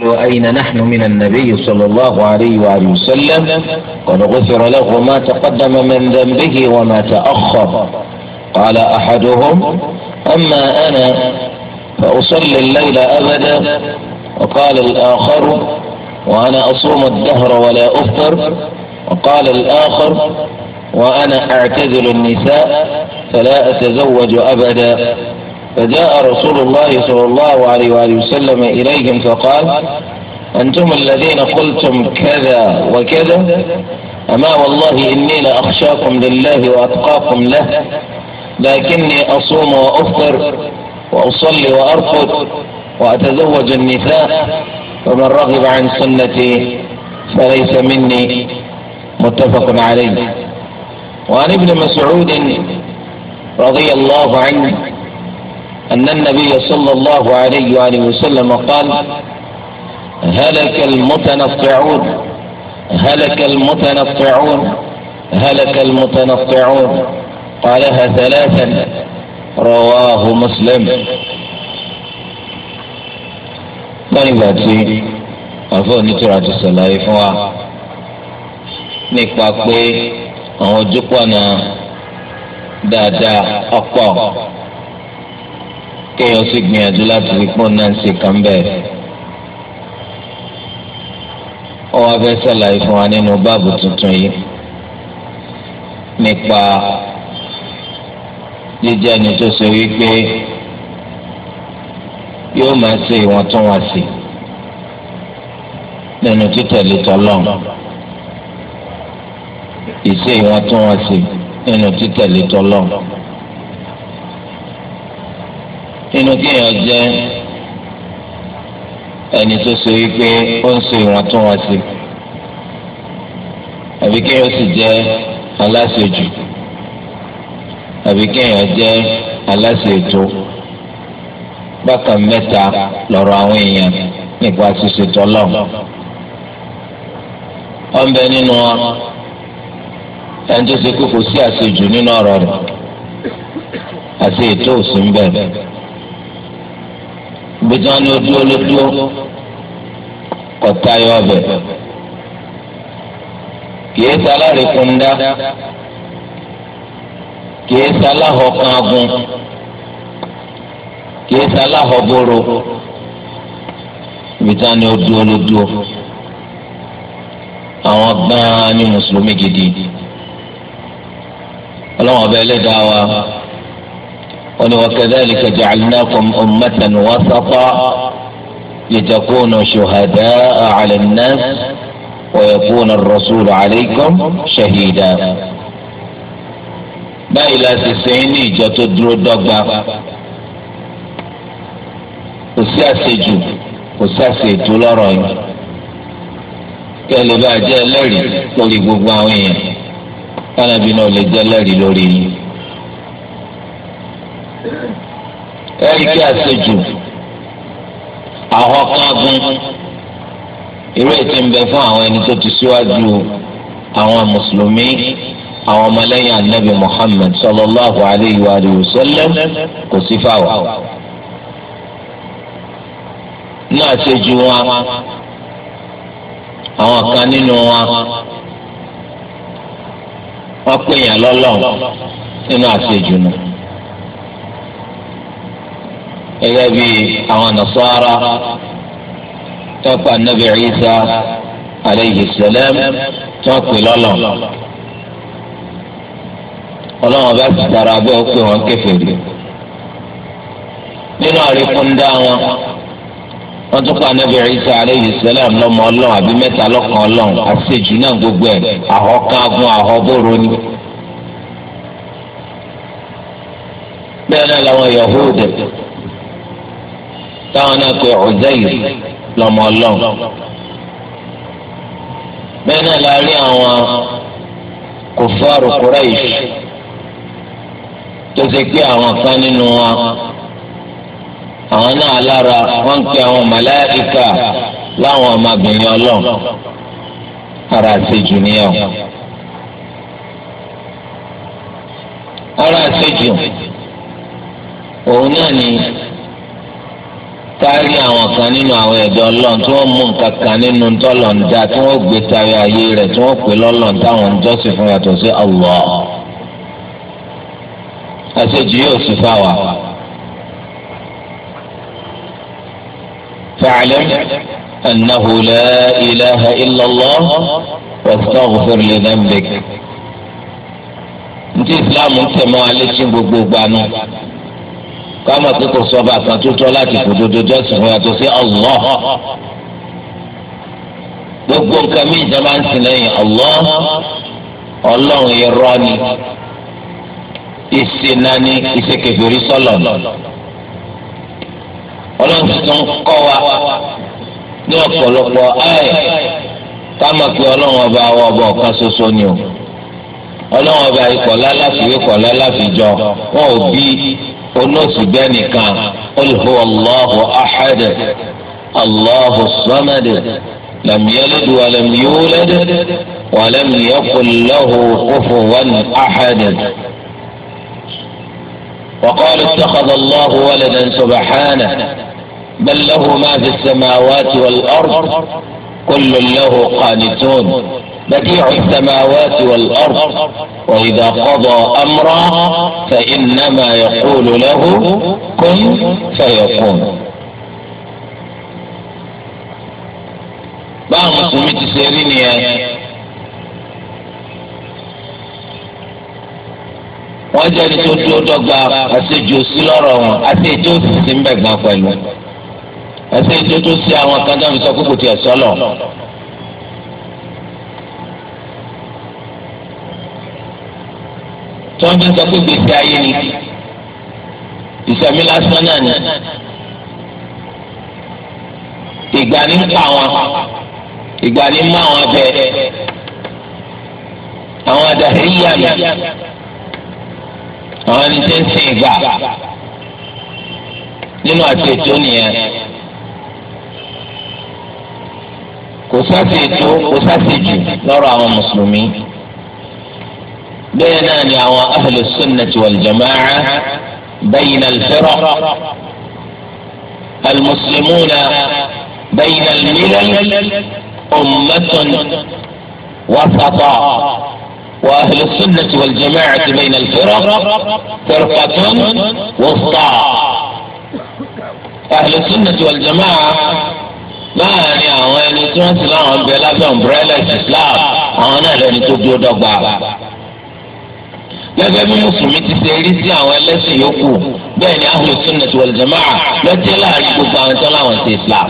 قالوا أين نحن من النبي صلى الله عليه وآله وسلم قد غفر له ما تقدم من ذنبه وما تأخر قال أحدهم أما أنا فأصلي الليل أبدا وقال الآخر وأنا أصوم الدهر ولا أفطر وقال الآخر وأنا أعتزل النساء فلا أتزوج أبدا فجاء رسول الله صلى الله عليه وآله وسلم إليهم فقال أنتم الذين قلتم كذا وكذا أما والله إني لأخشاكم لله وأتقاكم له لكني أصوم وأفطر وأصلي وأرقد وأتزوج النساء ومن رغب عن سنتي فليس مني متفق عليه وعن ابن مسعود رضي الله عنه أن النبي صلى الله عليه وآله وسلم قال هلك المتنفعون هلك المتنفعون هلك المتنفعون قالها ثلاثا رواه مسلم lọ́nìgbà tí àfọ̀ onítúrà ti sàlàyé fún wa nípa pé àwọn ojúpọ̀ náà dáadáa ọ̀pọ̀ kéèyàn sì gbìyànjú láti fi pọ́n náà ṣe kàn bẹ́ẹ̀. ó wá fẹ́ sàlàyé fún wa nínú báàbù tuntun yìí nípa jíjẹ́ ẹni tó ṣe wípé yóò máa ṣe ìwọ̀ntúnwọ̀nsì nínú títẹ̀lé tọ́lọ́n ìṣe ìwọ̀ntúnwọ̀nsì nínú títẹ̀lé tọ́lọ́n nínú kí èèyàn jẹ́ ẹni tó so yìí pé ó ń so ìwọ̀ntúnwọ̀nsì àbí kéèyàn sì jẹ́ aláṣejù àbí kéèyàn jẹ́ aláṣetò bákan mẹ́ta lọ́rọ̀ àwọn èèyàn nípa ṣíṣe tọ́lọ̀ wọ́n bẹ nínú wọn ẹni tó ṣe pé kò sí àṣejù nínú ọ̀rọ̀ rẹ̀ àti ètò òsì ń bẹ̀rẹ̀ gbèjà ni ó dúró ló dúró kọta yọ ọbẹ kìí sálárì kúndá kìí sáláhọ kángun kìí sáláhọ bóró gbèjà ni ó dúró ló dúró àwọn gbáà ni mùsùlùmí gidi ọlọ́wọ́n ọbẹ̀ ẹlẹ́dàá wa. قال وكذلك جعلناكم أمة وسطا لتكونوا شهداء على الناس ويكون الرسول عليكم شهيدا ما إلى سيسيني جتدرو الدقا وساسجو وساسجو لرأي قال بعد جلري قولي قبعوين أنا بنولي جلري لوري, لوري. ẹ̀rí kí àṣejù àhọ́kágun irú ètí ń bẹ fún àwọn ẹni tó ti síwájú àwọn mùsùlùmí àwọn ọmọlẹ́yìn anabi muhammed sallallahu alayhi wa sallam kò sí fáwọn. náà àṣejù wọn àwọn kan nínú wọn wọn pè yàn lọ́lọ́ nínú àṣejù náà gẹ́gẹ́ bí àwọn nasara tọ́pọ̀ anabi Isa aleyhi salam tọ́pọ̀ lọ́lọ́ ọlọ́wọ́n bá ti tara abẹ́ òkè wọn kèfèrí nínú àríkúndá wọn wọ́n tún pa anabi Isa aleyhi salam lọ́mọ ọlọ́run àbí mẹ́ta lọ́kàn ọlọ́run àṣejù náà gbogbo ẹ̀ àhọ́kágun àhọ́bóró ni. bẹ́ẹ̀ náà làwọn Yahudi táwọn náà pe Uzair lọ́mọ ọlọ́run bẹ́ẹ̀ náà la rí àwọn kòfàrò Quraish tó ṣe pé àwọn kan nínú wọn àwọn náà lára wọn pe àwọn màláíkà láwọn ọmọbìnrin ọlọ́run ara àṣejù nìyẹn ara àṣejù òun náà ni kárí àwọn kan nínú àwọn ẹ̀dọ́ ọlọ́run tí wọ́n mú nǹkan kan nínú tọ́lọ̀ǹda tí wọ́n gbé tayọ ayé rẹ̀ tí wọ́n pè lọ́lọ́run táwọn ń jọ́sìn fún yàtọ̀ sí Allah. àṣejù yóò sì fà wá. fa'lam annahu la ilaha illallah wastaghfir li ní ti islam ń alẹ́ sí gbogbo gbanú ká mọ̀ pé kò sọ́ba kan tó tọ́ láti fòdodo jọ́sìn fún yàtọ̀ sí Allah gbogbo nǹkan mi ìjọba ń sìn lẹ́yìn Allah ọlọ́run irọ́ ni ìsinani ìsekèbèrè sọ́lọ̀ ọlọ́run tuntun kọ́ wa ní ọ̀pọ̀lọpọ̀ ayé ká mọ̀ pé ọlọ́run ọba wa ọba ọ̀kan ṣoṣo ni o ọlọ́run ọba ikọ̀ lálàfíwé kọ̀ lálàfíjọ wọn ò bí. ولوسجاني كان قل هو الله احد الله الصمد لم يلد ولم يولد ولم يقل له كفوا احد وقال اتخذ الله ولدا سبحانه بل له ما في السماوات والارض كل له قانتون بديع السماوات والأرض وإذا قضى أمرا فإنما يقول له كن فيكون báwọn mùsùlùmí ti ṣe rí nìyẹn wọ́n jẹ́ ní tó dúró dọ́gba àṣejù sí lọ́rọ̀ wọn àti sì sí ń bẹ̀ gan pẹ̀lú àṣejù tó sí àwọn kan dábìí sọ kókò tiẹ̀ sọ́lọ̀. tí wọ́n bá sọ pé gbèsè ayé ni ìsẹ̀mí lásán náà ni ìgbà ní ń pa wọn ìgbà ní ń mú àwọn abẹ àwọn adàhẹ́ yíyá mi àwọn ẹni tí ń sin ìgbà nínú àti ètò nìyẹn kò sáà ètò kò sáà jù lọ́rọ̀ àwọn mùsùlùmí. بين أو أهل السنة والجماعة بين الفرق المسلمون بين الملل أمة وسطاء وأهل السنة والجماعة بين الفرق فرقة وسطاء أهل السنة والجماعة ما يعني أهل السنة والجماعة بلا فهم بلا استسلام أنا لن تبدو دقابا gẹ́gẹ́ bí mùsùlùmí ti ṣe rí sí àwọn ẹlẹ́sìn yòókù bẹ́ẹ̀ ni ahlu sunnah wal jamaa lọ́jẹ́ láàrin gbogbo àwọn tó láwọn ṣe islam.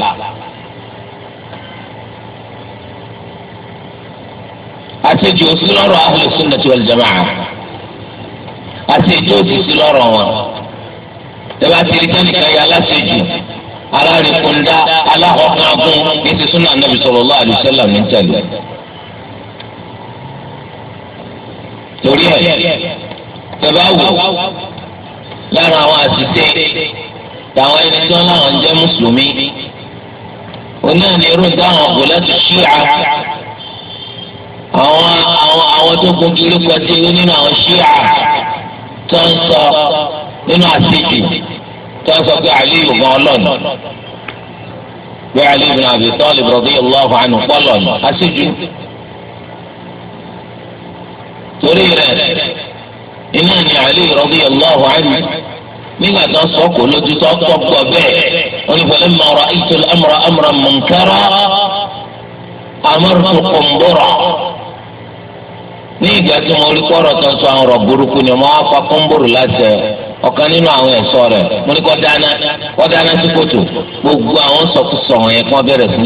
àtẹ̀jù òsì lọ́rọ̀ ahlu sunnah wal jamaa àtẹ̀jù òsì sí lọ́rọ̀ wọn. ìjọba ti rí kẹ́nìkan yẹ aláṣẹjù alárìnkúndá aláhọ̀kángun ní ti súnà nàbì sallallahu alaihi wasallam ní tẹ̀lé. torí ẹ̀ tẹ̀bá wò lára àwọn àṣìṣe làwọn ẹni tó láwọn ń jẹ́ mùsùlùmí onáà ní irú táwọn kò láti ṣí àá àwọn àwọn àwọn tó gbójú ló kọjú nínú àwọn ṣí àá tó ń sọ nínú àṣìṣe tó ń sọ pé àlè ìgbọ̀n ọlọ́ọ̀nù pé àlè ìgbọ̀n àbí tọ́lì bọ̀dé ìlú ọ̀hún àná pọ́lọ̀nù àṣìṣe. torí rẹ̀ iná ni Ali radiyallahu anhu nígbà tó ń sọ́kò lójú tó ń tọ́gbọ̀ bẹ́ẹ̀ wọ́n ní fọlẹ́ mọ̀ ọ́rọ̀ ìtò amra amra munkara amartu kumbura ní ìgbà tí mo rí kọ́rọ̀ tó ń sọ àwọn ọ̀rọ̀ burúkú ni láti ọ̀kan nínú àwọn rẹ̀ mo ní kọ́ dáná kọ́ dáná sí kòtò gbogbo àwọn wọn yẹn bẹ̀rẹ̀ sí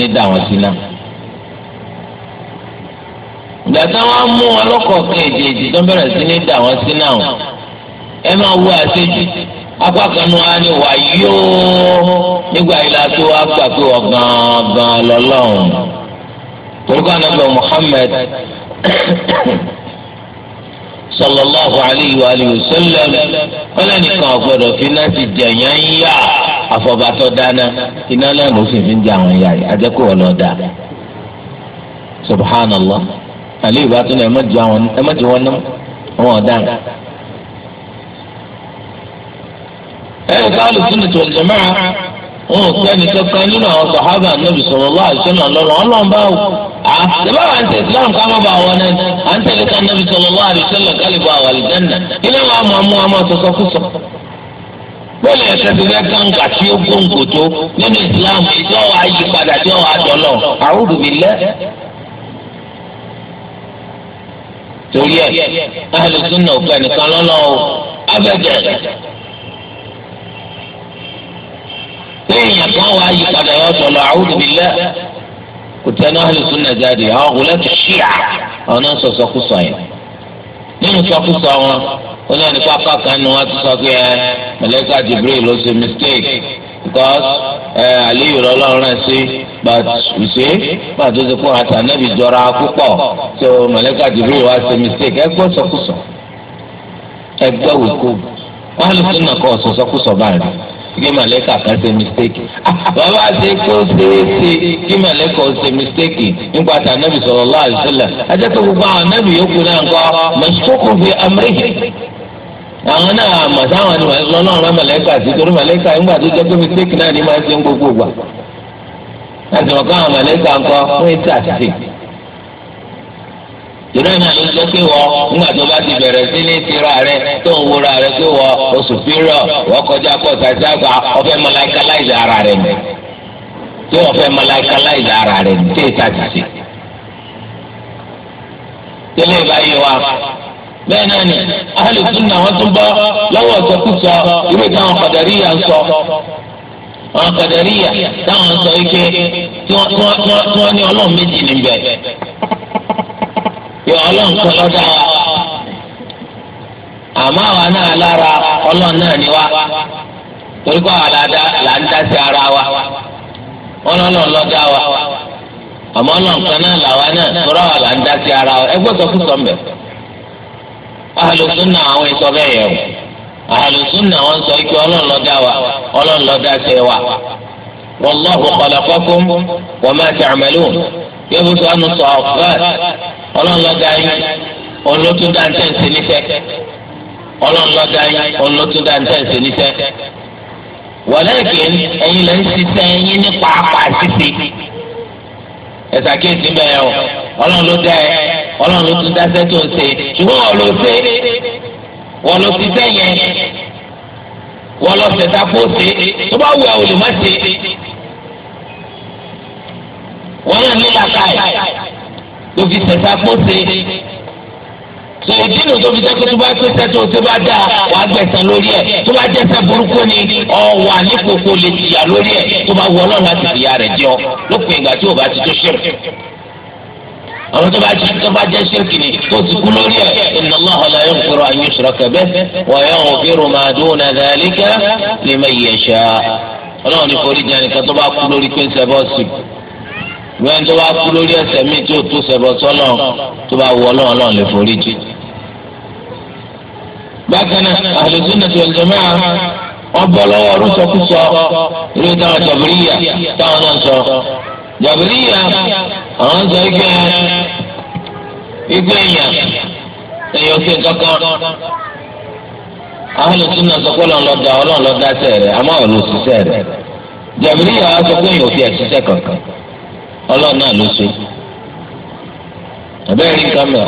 ní gbàtà wọn mú wọn lọ́kọ̀ọ̀kan èjèèjì tó bẹ̀rẹ̀ sí ní dà wọn sí náà ẹ máa wú àṣejù apá kan nu wa ni wà yóò nígbà yìí tó wá gbà pé gangan sallallahu alayhi wa wa sallam wọn ti yá àlẹ́ ìbá tún ẹ̀ mọ̀jì àwọn ẹ̀ mọ̀jì wọn náà wọn ọ̀daràn. ẹ̀rọ káàlù tún ní tòǹtò mẹ́ra wọn ò pẹ́ nìkankan nínú àwọn sàhábà nàbì sallallahu alaihi wasallam lọ́rùn ọlọ́run bá wò á ṣẹlẹ̀ à ń tẹ̀ islam ká má bà wọ náà à ń tẹ̀lé kan nàbì sallallahu alaihi wasallam kálí bá wà lìjánà ilé wa mọ̀ mú àmọ́ sọ̀sọ̀ kú sọ. bọ́ọ̀lù ẹ̀sẹ̀ ti fẹ́ kàǹkà tí ó gbóǹgò tó nínú islam ìjọ wa yí padà tí ó wà dọ́lọ̀ a'udhu billah torí ẹ ahlu sunna òkú ẹnìkan lọ́nà o abẹ́jẹ́ lẹ́yìn àtúnwá wa yí padà yọ ọ̀dọ̀ lọ a'udhu billah kò tẹnu ahlu sunna jáde àwọn òkú lẹ́tọ̀ ṣíà àwọn náà sọ̀sọ̀ kú sọ yẹn nínú sọkúsọ wọn ó ní ẹnì pápá kan nu wọn ti sọ pé ẹ mẹlẹ́kà Jibril ló ṣe mistake because. aliyu lọ́lọ́run rẹ̀ sí gbàtúnṣe gbàtúnṣe kó hàn tànàbí jọra púpọ̀ tó mọ̀lẹ́kà jibril wá ṣe mistake ẹgbẹ́ sọkúsọ ẹgbẹ́ wíkú wọn lè tún nàkọ́ báyìí kí kan ṣe mistake bàbá ṣe kó ṣeé ṣe kí mọ̀lẹ́kà ṣe mistake nípa gbogbo àwọn náà ń fi àwọn náà àmọ̀ sáwọn ni lọ́lọ́run rán mọ̀lẹ́kà sí torí mọ̀lẹ́kà ńgbà tó jẹ́ pé náà ni máa ń ṣe ń gbogbo gbà láti mọ̀lẹ́kà fún ètò àtìsí. ìrẹ́ náà ló jẹ́ pé ńgbà tó bá ti bẹ̀rẹ̀ sí ní ara rẹ̀ tí wọ́n fẹ́ bẹ́ẹ̀ náà ni ahlu sunna wọ́n tún bọ́ lọ́wọ́ ọ̀sẹ̀kùsọ irú táwọn Qadariyya ń sọ àwọn Qadariyya táwọn sọ ike tí wọ́n ní ọlọ́run méjì níbẹ̀ yọ ọlọ́run wa àmọ́ àwa náà lára ọlọ́run náà ni wa torí kọ́ àwa là ń dá sí ara wa ọlọ́run lọ́dọ̀ wa àmọ́ ọlọ́run kan náà làwa náà wa là ń dá sí ara wa ẹgbẹ́ àlùsùnà àwọn ìsọ bẹ́ẹ̀ yẹ o àlùsùnà wọn sọ ike ọlọ́run wa ọlọ́run ló wa wallahu khalaqakum wa ma ta'malun yóò bó sọ ànú sọ ọ̀fẹ́ ọlọ́run ló dá yín olótún dáńtẹ́ ń ṣe níṣẹ́ ọlọ́run ló dá ẹ̀yin o ọlọ́run ló tún dáṣẹ́ tó ń ṣe ṣùgbọ́n wọ́n ló ṣe wọ́n ló ti fẹ́ yẹn wọ́n lọ ṣẹ̀dá kó ṣe tó bá wù ẹ́ o lè má ṣe wọ́n yàn ní làkàì tó fi ṣẹ̀dá kó ṣe tó ìdínà tó fi sẹ́kẹ́ tó bá pé sẹ́tò tó bá dáa wàá gbẹ̀sán lórí ẹ̀ tó bá jẹ́ sẹ́ burúkú ni ọ̀wà ní kòkó lè jìyà lórí ẹ̀ tó bá wọ ọlọ́run láti fìyà rẹ̀ jẹ́ ọ lópin ìgbà tí ò bá ti tó ṣẹ̀rẹ̀ àwọn tó bá jẹ tó bá jẹ ṣírkì ni kó ti kú lórí ẹ inna Allaha la yaghfiru an yushraka bihi wa yaghfiru ma duna dhalika liman yasha ọlọ́run ní forí jẹ nìkan tó bá kú lórí pé ń ṣẹbọ sí wẹ́n tó bá kú lórí ẹ̀ṣẹ̀ míì tí ò tó ṣẹbọ sọ́lọ́run tó bá wọ ọlọ́run ọlọ́run lè forí jì. bákan náà ahlu sunnah wal jamaa wọn bọ́ lọ́wọ́ ọdún sọkúsọ ìlú táwọn sọ jàbìlíyà àwọn sọ ike igbe èèyàn èèyàn ṣe kankan àwọn olùsùn náà sọ pé ọlọ́run lọ da ọlọ́run lọ da sẹ́ rẹ̀ àmọ́ ọ̀rọ̀ òṣìṣẹ́ rẹ̀ jàbìlíyà àwọn sọ pé èèyàn ò fi ẹ̀ṣiṣẹ́ kankan ọlọ́run náà ló ṣe abẹ́rẹ́ nǹkan mẹ́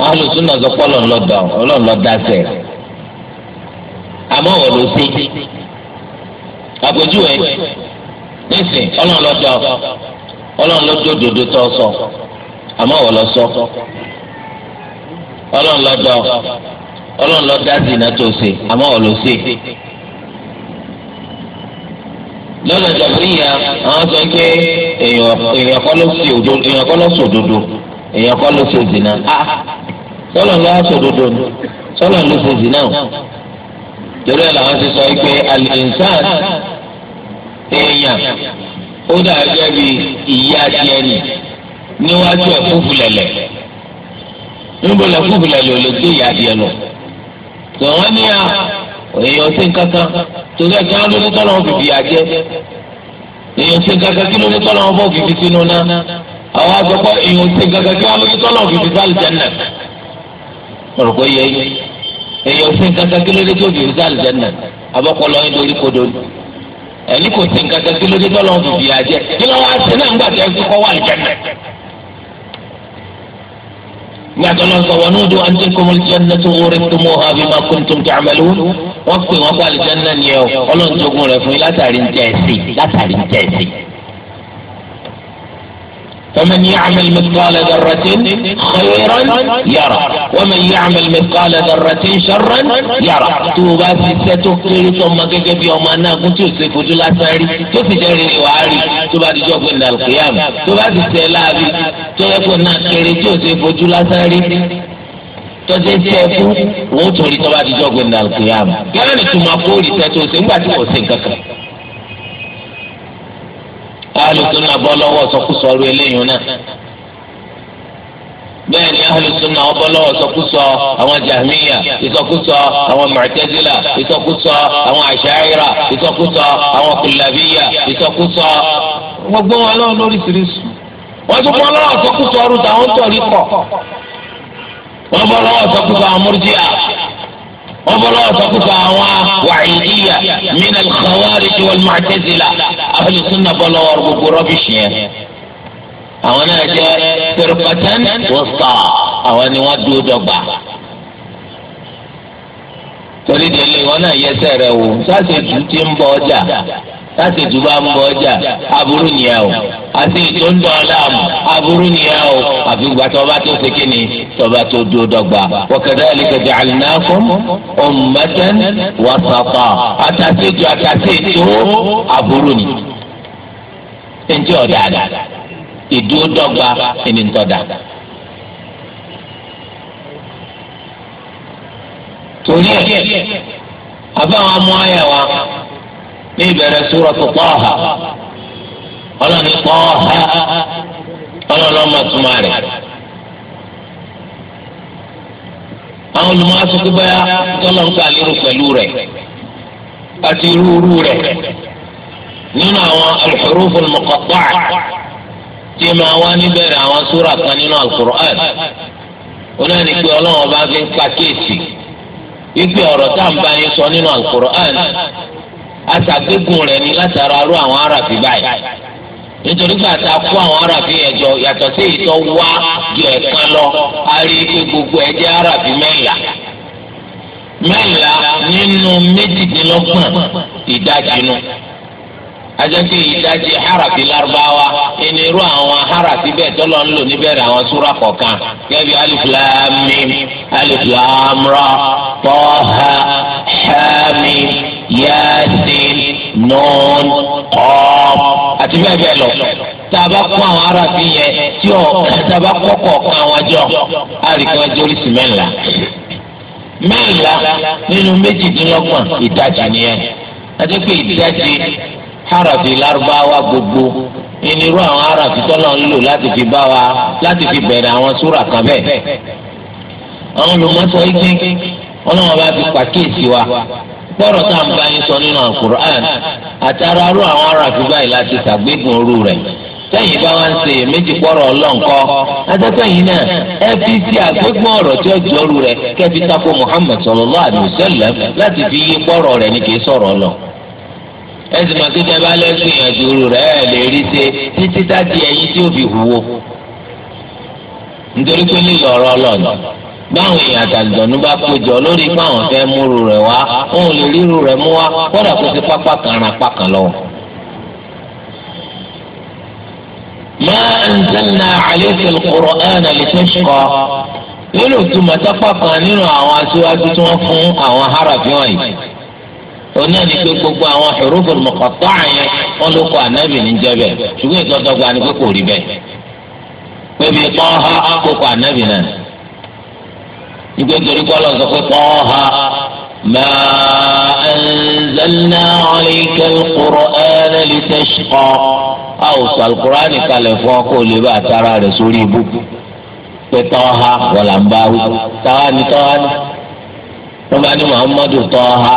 náà sọ pé ọlọ́run lọ da rẹ̀ àmọ́ ọ̀rọ̀ ló ṣe àpèjúwe nísìn ọlọ́run ọlọ́run ló jó dòdò tó sọ àmọ́ wọ́n lọ sọ ọlọ́run lọ dọ̀ ọlọ́run lọ dá zina tó ṣe àmọ́ wọ́n lọ ṣe. lọ́nà ìjàmbíyà àwọn sọ pé èèyàn kọ́ ló ṣe òdodo èèyàn kọ́ ló ṣe òdodo èèyàn zina ah sọlọ ló ṣe òdodo ni sọlọ ló ṣe zina o torí ẹ̀ làwọn ti sọ pé alẹ́ ìsáàtì èèyàn ó dàbí ẹbí ìyá tiẹ̀ nì níwájú ẹ̀fúfù lẹ̀lẹ̀ níbo lẹ̀fúfù lẹ̀lẹ̀ ò lè gbé ìyá tiẹ̀ lọ. tòun ní à èèyàn ṣe ń kankan torí ẹ̀ka ló ní tọ́lọ́ wọn fìfì àjẹ́ èèyàn ṣe ń kankan kí ló ní tọ́lọ́ wọn bọ́ fìfì sínú náà àwọn àgbẹ̀kọ́ èèyàn ṣe ń kankan kí wọ́n ló ní tọ́lọ́ wọn fìfì sálì jẹ́nà ọ̀rọ̀ kò yẹ èèyàn ṣe ń kankan kí ló ní tó fìfì sálì jẹ́nà abọ́kọ́ ẹni kò sí nǹkan kan kí ló dé tọ́lọ́ ń fìdí àjẹ kí ló wá sí náà ń gbàdé ẹ̀kú kọ́ wà lìjẹ́mẹ̀. gbàdé lọ sọ wọn ọdún àti kọmọ lìjẹ́nà tó wọlé tó mọ àbí máa kó tó ń tẹ àmàlú wọn pè wọn kó àlìjẹ́nà ni ẹ ọlọ́run jogun rẹ̀ fún yín látàrí ń tẹ̀ sí látàrí ń فمن يعمل مثقال ذرة خيرا يرى ومن يعمل مثقال ذرة شرا يرى توبا في ستو كيري ثم كيكي يوم أنا كنت يسيفو جلا ساري توفي جاري وعاري توبا دي جوف عند القيامة توبا في سيلابي تويكو نا كيري توسيفو جلا ساري tọ́jú ẹsẹ̀ ẹ̀kú wọ́n tún rí tọ́ba àdìjọ́ gbẹ̀ndà kìyàmù yálà ní tùmọ̀ àpò òrìṣẹ́ tó ṣe ńgbà tí kò sí nǹkan kan alùsùnà bọ́ lọ́wọ́ sọkúsọ ru eléyìí náà bẹ́ẹ̀ ni alùsùnà ọbọ̀ lọ́wọ́ sọkúsọ àwọn jahmiya ìsọkúsọ àwọn mọ̀tẹ́sílà ìsọkúsọ àwọn àṣàyíra ìsọkúsọ àwọn kùlàbíyà ìsọkúsọ gbogbo wọn lọ́wọ́ lóríṣiríṣi wọ́n tún bọ́ lọ́wọ́ sọkúsọ ọrùn táwọn tọ̀rí kọ̀ wọ́n bọ́ lọ́wọ́ sọkúsọ àwọn wọ́n bọ́ lọ́wọ́ sọ́kùsọ àwọn wàhíyíyà minal khawarij wal mu'tazila ahlu sunna bọ́ lọ́wọ́ gbogbo rọ́bìṣì yẹn. àwọn náà jẹ́ pẹ̀rùpàtàn wọ́n sọ àwọn ni wọ́n dúró dọ́gba. torí délé wọn náà yẹsẹ̀ rẹ̀ wò sáà ṣe dùn bọ ọjà tásìtì bá ń bọ ọjà aburú nìyẹn o àti ètò ń dọ̀ ọ́làmù aburú nìyẹn o àfi ìgbà tó bá tó ṣèké ni tó bá tó dúró dọ́gba. wa kadhalika ja'alnakum ummatan wasata àtàṣètò àtàṣètò aburú ni. ẹnjẹ́ ọ̀dàdà ìdúró dọ́gba ẹni ń tọ́da. torí ẹ̀ abáwọn amú ayẹ̀ wa. ní ìbẹ̀rẹ̀ súrọ̀tù Taha Kwan Taha ọlọ́lọ́mọ túmọ̀ rẹ̀. àwọn olùmọ̀ọ́sọ́kú bá tọ́lọ̀ ń sàlérò pẹ̀lú rẹ̀ àti rúurú rẹ̀ nínú àwọn al-huruf tí máa wá níbẹ̀rẹ̀ àwọn súrà kan nínú al-Qur'an onáni pé ọlọ́run bá fi ń pa kéèsì wípé ọ̀rọ̀ tá à ń bá yín sọ nínú al aṣàgbégun rẹ̀ ni látara arú àwọn aráàfin báyìí nítorí pé àti àwọn aráàfin yẹn jọ sí wá ju lọ a rí gbogbo ẹjẹ jẹ́ aráàfin nínú ajẹ́pẹ́ ìdajì harafi Lárúbáwá ẹni irú àwọn harafi bẹ́ẹ̀ tọ́lọ̀ ń lò níbẹ̀rẹ̀ àwọn súra kọ̀ọ̀kan gẹ́gẹ́ alif lam alif lam ra tọ́ha hamim yasin nun qaf àti bẹ́ẹ̀ bẹ́ẹ̀ lọ tàbá kún àwọn harafi yẹn tí ọ̀ tàbá kọ́ kọ̀ọ̀kan àwọn àjọ àríkan jórí sìmẹ́ńlá mẹ́ńlá nínú méjìdínlọ́gbọ̀n ìdajì nìyẹn ajẹ́pẹ́ ìdajì harafi lárúbáwá gbogbo ìnirú àwọn harafi tọ́lọ̀ ń lò láti fi bá wa láti fi bẹ̀rẹ̀ àwọn súrà kan bẹ́ẹ̀. àwọn olùmọ̀sọ igi ọlọ́wọ́n bá fi pàkíyèsí wa gbọ́dọ̀ tá à ń bá yín sọ nínú alukur'an àtàrà arú àwọn harafi báyìí láti sàgbégun orú rẹ̀ tẹ́yìn bá wá ń ṣe èméjì pọ́rọ̀ ọlọ́ǹkọ́ adẹ́tẹ̀yìn náà ẹ fi ti àgbégbọ́n ọ̀rọ̀ tí ó jọrú rẹ̀ kẹ́bi tako Muhammad sallallahu alaihi wasallam láti fi yí pọ́rọ̀ rẹ̀ ní kì sọ̀rọ̀ ọlọ́ọ̀. ẹsìn máa kí tẹ́lẹ̀ bá lẹ́sìn ìyànjú rẹ̀ ẹ̀ lè rí ṣe títí dájú ẹyin tí ó fi hùwò nítorí pé lílọ ọ̀rọ̀ ọlọ́ọ̀nà báwọn èèyàn bá péjọ lórí pé àwọn fẹ́ múru rẹ̀ wá òun lè ríru rẹ̀ wá kódà kó ti pápá kan kan lọ. nínú ìtumọ̀ tápá kan nínú àwọn onáà ní pé gbogbo àwọn huruful muqatta'a yẹn wọ́n ló kọ ànábì ní jẹ́bẹ̀ ṣùgbọ́n ìtọ́dọ́gba ni pé kò rí bẹ́ẹ̀ pébi Taha kó kọ ànábì náà nígbà torí kọ́ lọ́sọ̀ pé Taha ma anzalna alayka al-Qur'ana litashqa a ò sọ al-Qur'ani kalẹ̀ fún ọ kó bá àtàrà rẹ̀ sórí ibú pé Taha wọ̀là ń bá wí táwa ni táwa ni wọ́n bá ní Muhammadu Taha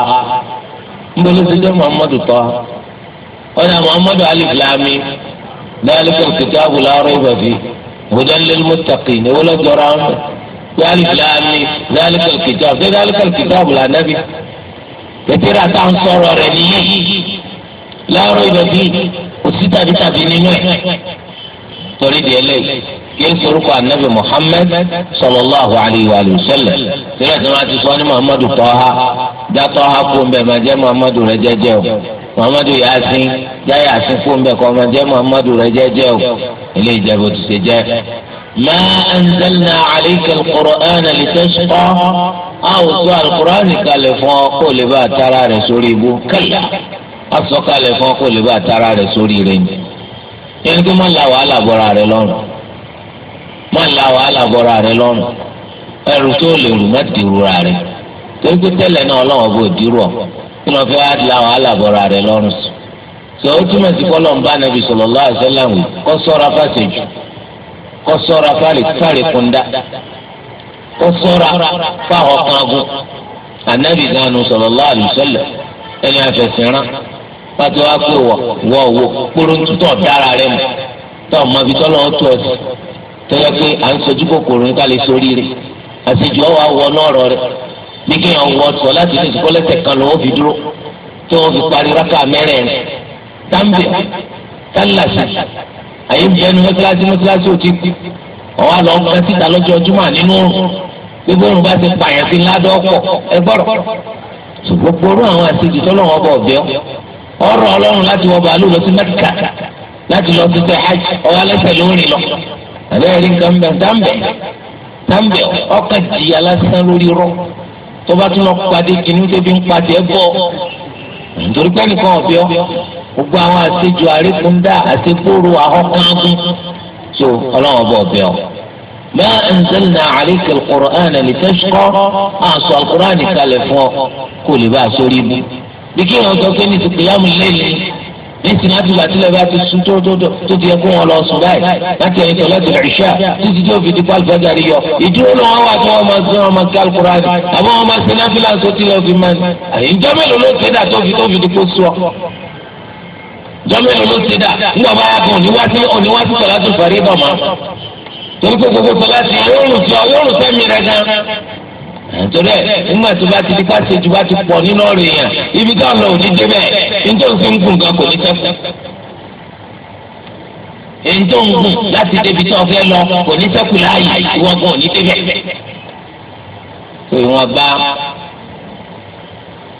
nbolosijɛ muhammadu tɔ ɔna muhammadu alif laami dalikum kitaabu la rayba fi hudan lil muttaqin wala jɔra an fɛ alif laami dalikum kitaabu de dalikum kitaabu la nabi kẹtẹrẹ àtàwọn sọ̀rọ̀ rẹ̀ nìyí la rayba fi tàbí nínú ẹ torí di eléyìí kì í sorúkọ anabi muhammed sallallahu alayhi wa sallam sílẹ̀ tí wọ́n ti sọ ní muhammadu tọ́ha já tọ́ha fún bẹ́ẹ̀ máa jẹ́ muhammadu rẹ jẹ́jẹ́ o muhammadu yasin já yasin fún bẹ́ẹ̀ kọ́ máa jẹ́ muhammadu rẹ jẹ́jẹ́ o ilé ìjẹ́bù ti ṣe jẹ́. ما أنزلنا عليك القرآن لتشقى أو سوى القرآن قال فوق لبا ترى رسولي بو كلا أصدق قال فوق لبا ترى رسولي رين يعني كما لا وعلا برا رلون má la wàhálà bọ́ra rẹ lọ́rùn ẹrù tó lè rù má dìrù ra rẹ torí pé tẹ́lẹ̀ náà ọlọ́wọ́ bò dìrù ọ̀ kí wọ́n fẹ́ la wàhálà bọ́ra rẹ lọ́rùn sùn. sọ ó túmọ̀ sí kọ́ lọ́nba nàbì sallallahu alaihi wasallam kọ́ sọ́ra fàṣẹjù kọ́ sọ́ra fàrẹ̀kúndà kọ́ sọ́ra fáwọn kan agún ànábì ganu sallallahu alaihi wasallam ẹni àfẹsẹ̀ràn pàtó wá pé wọ́ wọ́ wọ́ kpóró tutọ̀ dára rẹ mọ́ tọ́jà pé à ń sojú kòkòrò nípa lè sórí rẹ̀ àṣejù ọwọ́ àwọ̀ náà rọ̀ rẹ̀ bí kéèyàn wọ sọ láti ní ìsìkọ́lẹ́sẹ̀ kan lọ́wọ́ fi dúró tí wọ́n fi parí rákà mẹ́rẹ̀ẹ̀rin táǹbẹ̀ tálàsì àyè ń bẹnu mọ́tíláṣí mọ́tíláṣí ò ti kú ọ̀wá lọ ń gbọ́n síta lọ́jọ́ júmọ̀ nínú oòrùn gbogbo oòrùn bá ti pààyàn sí ládọ́ọ̀pọ̀ ẹ gbọ́rọ̀ gbogbo orú àwọn àṣejù tọ́lọ́wọ́n ọba ọ̀bẹ ọ̀rọ̀ ọlọ́run láti wọ bàálù lọ sí mẹ́tíkà láti lọ sí tẹ̀ hajj àbẹ́rẹ́ nǹkan bẹ̀ dáńbẹ̀ dáńbẹ̀ ọkàn jìyà lásán lórí rọ tó bá tún lọ pàdé kìnnìún tó fi ń pàdé bọ̀ nítorí pé nìkan ọ̀bẹ gbogbo àwọn àṣejù àríkúndà àṣekóró àhọ́kángun tó ọlọ́run ọba ọ̀bẹ ọ. ما أنزلنا عليك القرآن لتشقى أعصى القرآن كالفو كل بقى سوري بكي أنت كنت قيام الليل nísìnyí àtúgbà tílẹ̀ bá ti sùn tó tó tó ti yẹ kó wọn lọ sùn báyìí láti ẹni tó láti ìṣá títí tó fi di pálífà jáde yọ ìdúró náà wọn wà tí wọn máa sọ wọn máa kí alukurani àbọ̀ wọn máa sin náfìlà tó tilẹ̀ fi máa ní. ìjọ mélòó ló ti dà tó fi tó fi di kó sọ ìjọ mélòó ló ti dà nígbà bá yà kàn oníwàsí oníwàsí tọ̀lá tó fàrí bọ̀ mọ́ torí pé gbogbo ti yóò rùn tẹ́ mi rẹ̀ gan torí ẹ nígbà tó bá ti di ká ṣe ju bá ti pọ̀ nínú ọ̀rọ̀ èèyàn ibi tó ń lọ òní débẹ̀ nítorí òfin gùn kan kò ní sẹ́kù èyí tó ń gùn láti débi tó ń fẹ́ lọ kò ní sẹ́kù láàyè ìwọ̀n gan òní débẹ̀ ìwọ̀n bá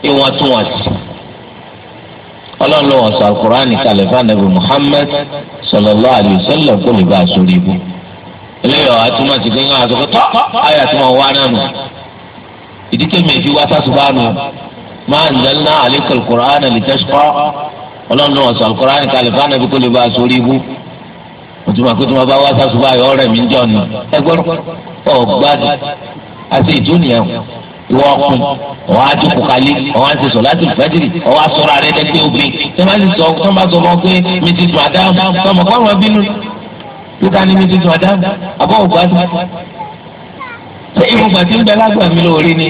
ìwọ̀n tún wọ̀n sí ọlọ́run ló wọ̀n sọ alukur'an kalẹ̀ muhammed sallallahu alayhi wa sallam kò lè bá a sórí ibu eléyàwó atúmọ̀ sí pé ń gbà àtọ́kọ́tọ́ ayé àtúmọ̀ wà nánu ìdí tèmi èfi wá sásùbà nù máa ń zẹ́lẹ́ náà àlékè kùránì lè tẹ́ sùpá ọlọ́run náà sọ kùránì kalẹ̀ fáànà bí kò lè bá a sórí ibú òtún àkótó máa bá wá sásùbà yọ ọ̀rẹ́ mi jọ nù ẹ gbọ́dọ̀ ọ̀gbádùn àti ìtúnìyàn ìwọ ọkùn ọwọ àjòkò kalẹ ọwọ àti sọ láti fẹjìrì ọwọ àsọrọ àrẹ dẹgbẹ obìnrin tí ṣé ìmọ̀gbà tí ń bẹ lágbà mi lórí ni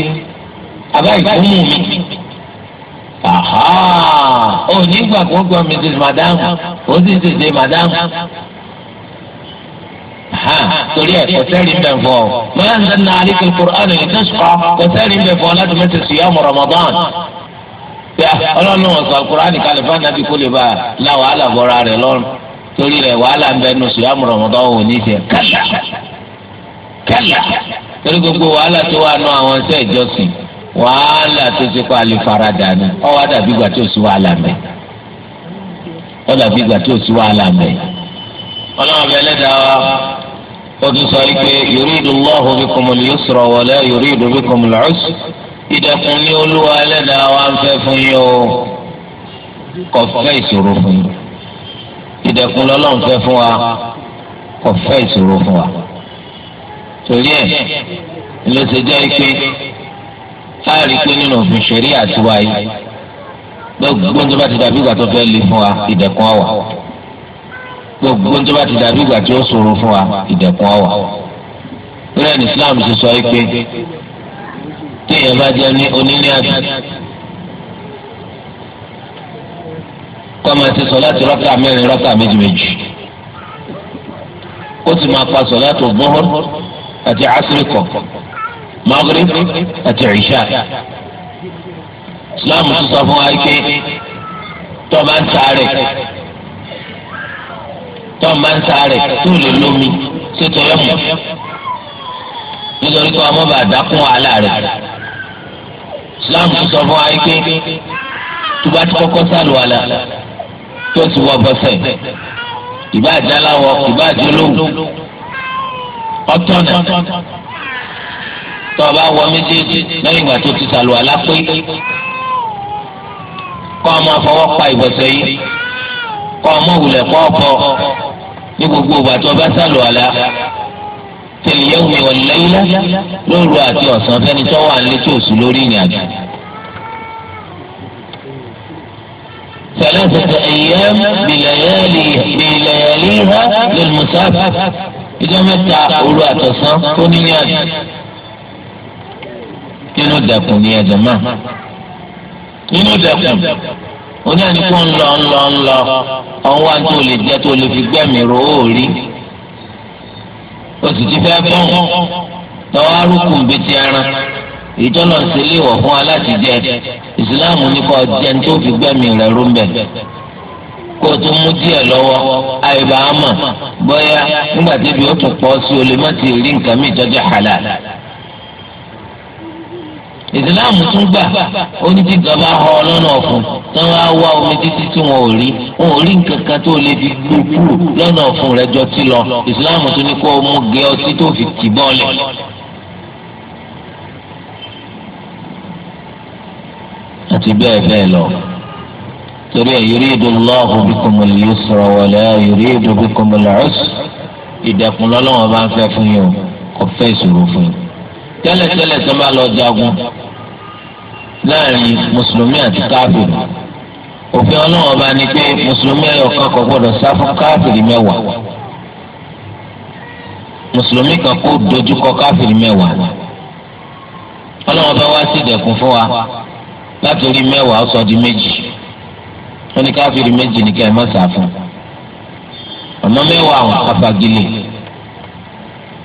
àbá ìgbóhùn mi aha ò ní gbà kó gbọ́ mrs madam ó sì ti ṣe madam torí ẹ kò sẹ́rìí bẹ̀ fọ́ ma anzalna alayka al-Qur'an litashqa kò sẹ́rìí bẹ̀ fọ́ láti mẹ́tẹ̀ siyam Ramadan. ọlọ́run wọn sọ al-Qur'an kalẹ̀ fún anabi kó lè bá a la wàhálà bọ́ra rẹ̀ lọ́rùn torí rẹ̀ wàhálà ń bẹ nu siyam Ramadan wò ní ìfẹ́ kálá kálá torí gbogbo wàhálà tó wà nù àwọn iṣẹ́ ìjọsìn wàhálà tó ti kọ́ alẹ́ faradà ni ó wá dàbí ìgbà tí ò sí wàhálà mẹ́ ó dàbí ìgbà tí ò sí wàhálà mẹ́ ọlọ́run bẹ lẹ́dàá wa ó tún sọ yìí pé yuridu Allahu bikumul yusra wa la yuridu bikumul usra ìdẹ̀kùn ní olúwa ẹlẹ́dàá wa ń fẹ́ fún yín o kò fẹ́ ìṣòro fún yín ìdẹ̀kùn lọ́lọ́run fẹ́ fún wa kò fẹ́ ìṣòro torí ẹ̀ ló ṣe jẹ́ pé láàrin pé nínú òfin ṣẹ̀rí àtiwá yìí gbogbo ń tó bá ti dàbí ìgbà tó fẹ́ le fún wa ìdẹ̀kùn ọ̀wà gbogbo ń tó bá ti dàbí ìgbà tí ṣòro fún wa ìdẹ̀kùn ọ̀wà lórí ẹni Islam ṣe sọ pé téèyàn bá jẹ́ ní onílé àjò kọ́ máa ti sọ láti rọ́kà mẹ́rin rọ́kà méjì méjì ó sì máa pa sọ láti ògbóhóró àti asiri kọ maghrib àti ìṣá islam tún sọ fún wa pé tó o máa ń sáré tó o máa ń sáré tó o lè lómi tó o tó yẹ mọ nítorí tó o bá dákún wàhálà rẹ islam tún sọ fún wa pé tó bá ti kọ́kọ́ sálùwàlà tó ti wọ bọ́sẹ̀ ìbá àjálá wọ ìbá àjálówó ọtọ́nà tó o bá wọ méjèèjì lẹ́yìn ìgbà tó ti sàlù alápé kọ́ ọ máa fọwọ́ pa ìbọ̀sẹ̀ yìí kọ́ ọ mọ̀ wulẹ̀ kọ́ ọ bọ̀ ní gbogbo ìgbà tó o bá sàlù àlá tẹ̀lé omi ọ̀lẹ́yìnlá lóru àti ọ̀sán fẹ́ni tó wà létí òsù lórí ìrìn àjò. ثلاثة أيام بلياليها للمسافر ìjọ mẹ́ta òru àtọ̀sán tó níyàn nínú dẹkùn ní ẹ̀jẹ̀ máa nínú dẹkùn oní àníkó ńlọ ńlọ ńlọ ọwọ́ àti olè jẹ́ tó lè fi gbẹ̀mí ro òórí oṣù tí fẹ́ bọ́n lọ́wọ́ arúgbó ń bẹ́tẹ̀ ẹran ìjọ́lọ̀ ń ṣe léèwọ̀ fún aláàtijẹ́ ìsìláàmù ní kò jẹun tó fi gbẹ̀mí rẹ̀ ró ń bẹ̀ kó o tún mú díẹ̀ lọ́wọ́ àìbá àmà bóyá nígbà tí ibi ó tún pọ̀ sí o lè má ti rí nǹkan mi ìtọ́jú halal. ìsìláàmù tún gbà oníjì gàba họ lọ́nà ọ̀fun tí wọ́n á wá omi títí tí wọ́n ò rí wọn ò rí nǹkan kan tó lè fi gbú kúrò lọ́nà ọ̀fun rẹ̀ jọ tí lọ ìsìláàmù tún ní kó o mú gé ọtí tó fi tì bọ́ọ̀lẹ̀. àti bẹ́ẹ̀ bẹ́ẹ̀ lọ torí ẹ̀ yuridu Allahu bikumul yusra wala yuridu bikumul usra ìdẹ̀kùn lọ́lọ́wọ́n bá ń fẹ́ fún yín o kò fẹ́ ìṣòro fún yín. tẹ́lẹ̀tẹ́lẹ̀ tó bá lọ jagun láàrin mùsùlùmí àti káfíìrì òfin ọlọ́wọ́n bá ní pé mùsùlùmí ẹ̀yọ̀kan kò gbọ́dọ̀ sá fún káfíìrì mẹ́wàá mùsùlùmí kan kó dojúkọ káfíìrì mẹ́wàá ọlọ́wọ́n bá wá sí ìdẹ̀kùn fún wa látòrí mẹ́wàá ó di méjì wọ́n ní káfíìrì méjì ní kẹ́ ẹ má sá fún ọmọ mẹ́wàá àwọn afagilé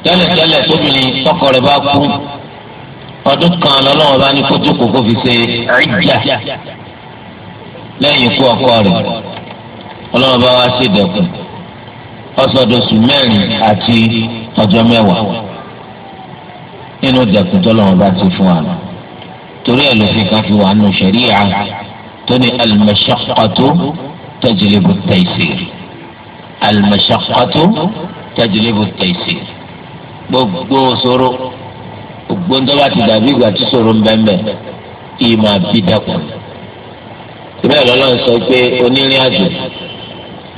tẹ́lẹ̀tẹ́lẹ̀ tóbìnrin tọkọ rẹ̀ bá kú ọdún kan lọ́lọ́wọ́ bá ní kótó kókó fi ṣe ìjà lẹ́yìn ikú ọkọ rẹ̀ ọlọ́wọ́ bá wá sí ìdẹ̀kùn ọsọdọ̀sù mẹ́rin àti ọjọ́ mẹ́wàá nínú ìdẹ̀kùn tọ́lọ́wọ́ bá ti fún wa torí ẹ̀ ló fi kan fi wà nù sẹ́ríyà tóní alimashakatu tajilibu taisir alimashakatu tajilibu taisir gbogbo ṣòro gbogbo ń tọ́ba ti dàbí ìgbà tí ṣòro ń bẹ́ẹ̀ kí máa bí dẹ́kun bẹ́ẹ̀ lọ́lọ́ sọ pé onírìn àjò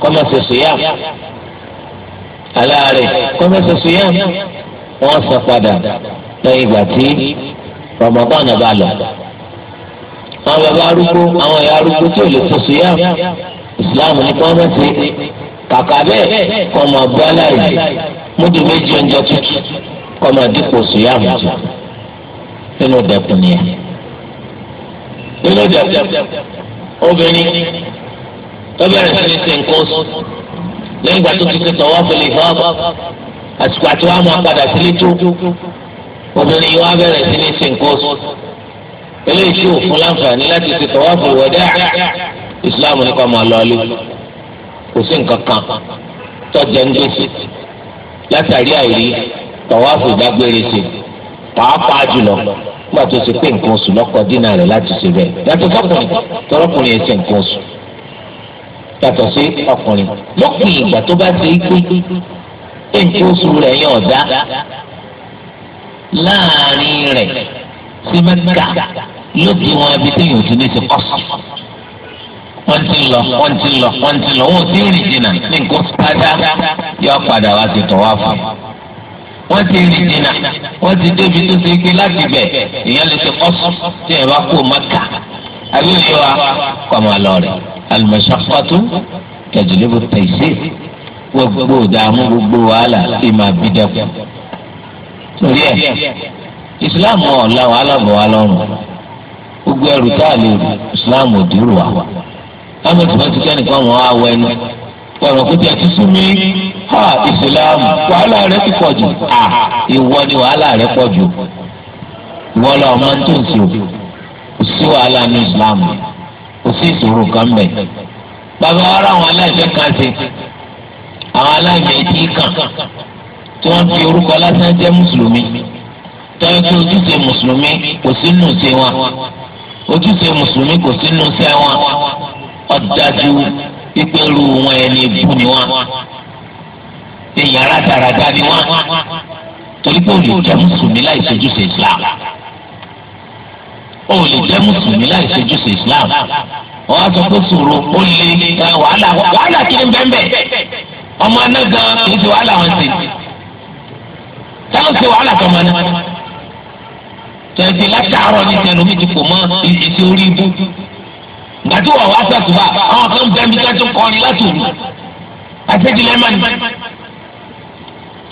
kọ́mọ̀sẹ̀ sòyà aláàárẹ̀ kọ́mọ̀sẹ̀ sòyà wọ́n sọ padà lẹ́yìn ìgbà tí Ramadan bá lọ àwọn bàbá arúgbó àwọn ẹ̀yà arúgbó tí ò lè fòṣù yá islam ní kí wọ́n bá ti kàkà bẹ́ẹ̀ kọ́ máa bọ́ aláìsí múdù méjì oúnjẹ tútù kọ́ máa dípò oṣù yá àmùjù nínú dẹ̀kun nìyẹn nínú dẹ̀kun obìnrin tó bẹ̀rẹ̀ sí ní ṣe nǹkan oṣù lẹ́yìn ìgbà tó ti ṣe tọ̀wọ́ fẹlẹ̀ ìfọwọ́ àsìkò àti wọn máa padà sílé tó obìnrin yìí wọ́n á bẹ̀rẹ̀ sí ní ṣe eléyìí tí òfin láǹfààní láti ṣe tọ́wáfù wọ̀dá islam ní kọ́ máa lọ́ọ́lé kò sí nǹkan kan tọ́jà ń gbèsè látàrí àìrí tọ́wáfù ìdágbére ṣe pàápàá jùlọ nígbà tó ṣe pé nǹkan oṣù lọ́kọ̀ dínà rẹ̀ láti ṣe bẹ́ẹ̀ yàtọ̀ sọ́kùnrin tọ́rọ́kùnrin ẹ̀ṣẹ̀ nǹkan oṣù yàtọ̀ sí ọkùnrin lópin ìgbà tó bá ṣe é pé nǹkan oṣù rẹ̀ yàn ọ̀dá láàrin rẹ̀ sí mẹ́kà lóbi wọn ibi tí yòó ti ní ti kọ́sù wọ́n ti lọ wọ́n ti lọ wọ́n ti lọ wọ́n ò tí ì rìn jìnnà ní nǹkan padà yọ padà wá ti tọ̀ wá fún un wọ́n ti rìn jìnnà wọ́n ti débi tó ti gbé láti bẹ̀ ìyẹn lè ti kọ́sù tí ẹ̀ bá kó mẹ́kà àbí òye wa kọ́ máa lọ rẹ̀ al-mashaqqatu tajlibu at-taysir gbogbo ìdààmú gbogbo wàhálà ìmọ̀ àbídẹ́kù torí ẹ̀. ìsìláàmù la wàhálà bọ̀ wá lọ́rùn gbogbo ẹrù tá a ò dúró wa láàmú ìtumọ̀ ti kẹ́ nìkan wọn á wọ ẹnu ọ̀rọ̀ kó tiẹ̀ ti sún ha wàhálà rẹ ti pọ̀ jù ìwọ ni wàhálà rẹ pọ̀ jù ìwọ ọmọ tó ń sọ kò sí wàhálà ní kò sí ìṣòro kan bàbá wa ra àwọn tọ́yọ́ pé ojúṣe mùsùlùmí kò sínú sí wọn ojúṣe mùsùlùmí kò sínú sí wọn ọ̀dájú pípẹ́rù wọn ẹni ibú ni wọn èèyàn rádaràdá ni wọn torí pé olè jẹ́ mùsùlùmí láì ṣojúṣe Islam olè jẹ́ mùsùlùmí láì ṣojúṣe Islam wọ́n á sọ pé sòro ó lé wàhálà wàhálà kí ni bẹ́ẹ̀ bẹ́ẹ̀ ọmọ anágan kì í ṣe wàhálà wọn sí táwọn ṣe wàhálà tó ọmọ anágan tẹ̀sí látàárọ̀ ní tẹ̀lé omi ti fò mọ́ èsì orí ibú. gbàtí wọ̀ wá sàtúbà àwọn kan bẹ́ẹ̀ bí kẹ́tù kọrin láti òru àtẹ́jú lẹ́mọ̀nì.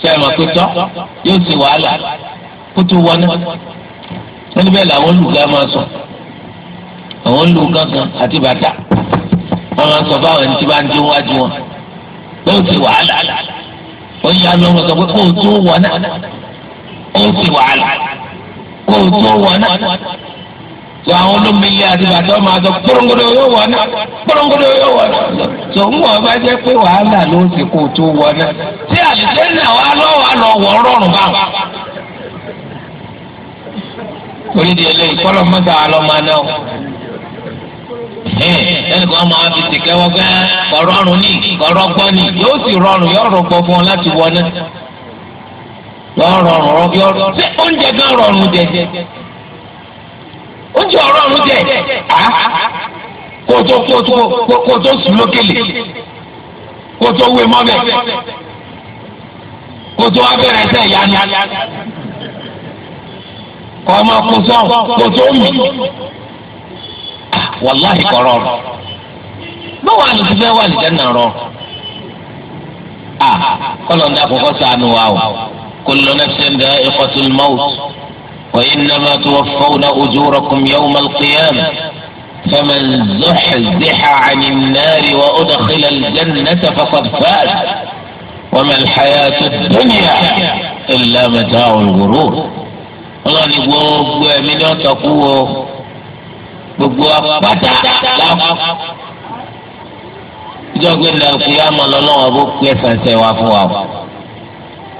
sẹ́yìn máa pé tọ́ yóò ṣe wàhálà kó tó wọná. wọ́n ní bẹ́ẹ̀ làwọn olùgbà máa sọ àwọn olùgbà kan àti bàtà wọ́n máa sọ báwọn ẹni tí bá ń dín wájú wọn yóò ṣe wàhálà. ó yà lọ́wọ́ sọ pé kó o tó wọná ó ṣe wàhálà. òògùn wọn náà tó àwọn olómìnira àti ọmọ àtọ kpọrọngodo yóò wọ náà kpọrọngodo yóò wọ náà tó ń wọ jẹ pé wàhálà ló ń sì kó tó náà tí àlùfẹ́ náà wà lọ́wọ́ àlọ́ ní ní yóò sì yọ rọrùn rọ ṣé oúnjẹ gan rọrùn jẹ oúnjẹ ọrọrùn jẹ kótó kótó kótó sùn lókèlè kótó wé mọbẹ kótó abẹrẹ ẹsẹ yanni kọmọ kótó kótó mi ah, wàláhì kọrọ báwo àlùfẹ́ wà lìjẹ́ nà rọ ah, kọlọ̀ ń dàpọ̀ kọ́ sànù wa o. كل نفس ذائقة الموت وإنما توفون أجوركم يوم القيامة فمن زحزح عن النار وأدخل الجنة فقد فاز وما الحياة الدنيا إلا متاع الغرور ọlọ́ni gbogbo ẹ̀mí ni ọ̀tọ̀ kú o gbogbo apáta láàkú ìjọba ìlànà ìyá ọmọ bó pẹ́ sàǹsẹ̀ wá fún wa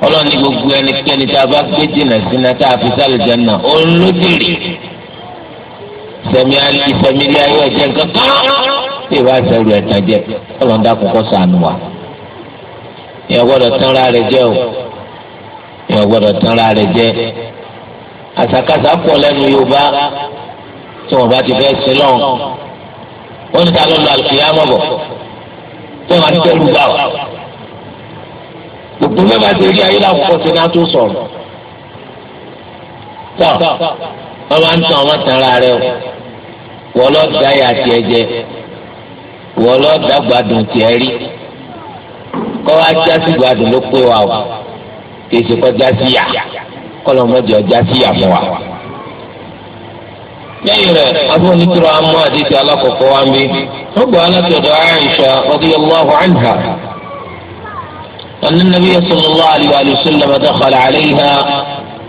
ọlọ́ni gbogbo ẹnikẹ́ni tá a bá gbé jìnnà sínú tá a fi sálì jẹ́nà òun ló dìrì sẹ̀mí alẹ́ sẹ̀mí ilé ayé ẹ̀jẹ̀ nǹkan kan tí ìwà sẹ̀rù ẹ̀tàn jẹ ọlọ́run dákun kó ṣàánú wa. ìyẹn gbọ́dọ̀ tán ra rẹ̀ jẹ́ o ìyẹn gbọ́dọ̀ tán ra rẹ̀ jẹ́ àṣàkáṣà pọ̀ lẹ́nu Yorùbá tí wọ́n bá ti fẹ́ sin lọ́hùn wọ́n ní ta ló lọ àlùkìyà mọ̀ bọ̀ tí wọ́n á tẹ́lu gbogbo bẹ́ẹ̀ bá ti rí ayé láwùjọ ti náà tó sọ̀rọ̀ tọ́ wọ́n bá ń tàn wọ́n tan ara rẹ o wọ́n lọ da ayé àti ẹ̀jẹ̀ wọ́n lọ da gbádùn tiẹ̀ rí kọ́ wá jásí gbádùn ló pé wa o kì kọ́ jásí yà kọ́lọ́ mọ́jọ jásí yà fún wa. lẹ́yìn rẹ̀ abúlé nítorí amú àdéhùn alákọ̀ọ́kọ́ wa ń bí wọ́n gbọ́ alátọ̀dọ̀ anha. أن النبي صلى الله عليه وآله وسلم دخل عليها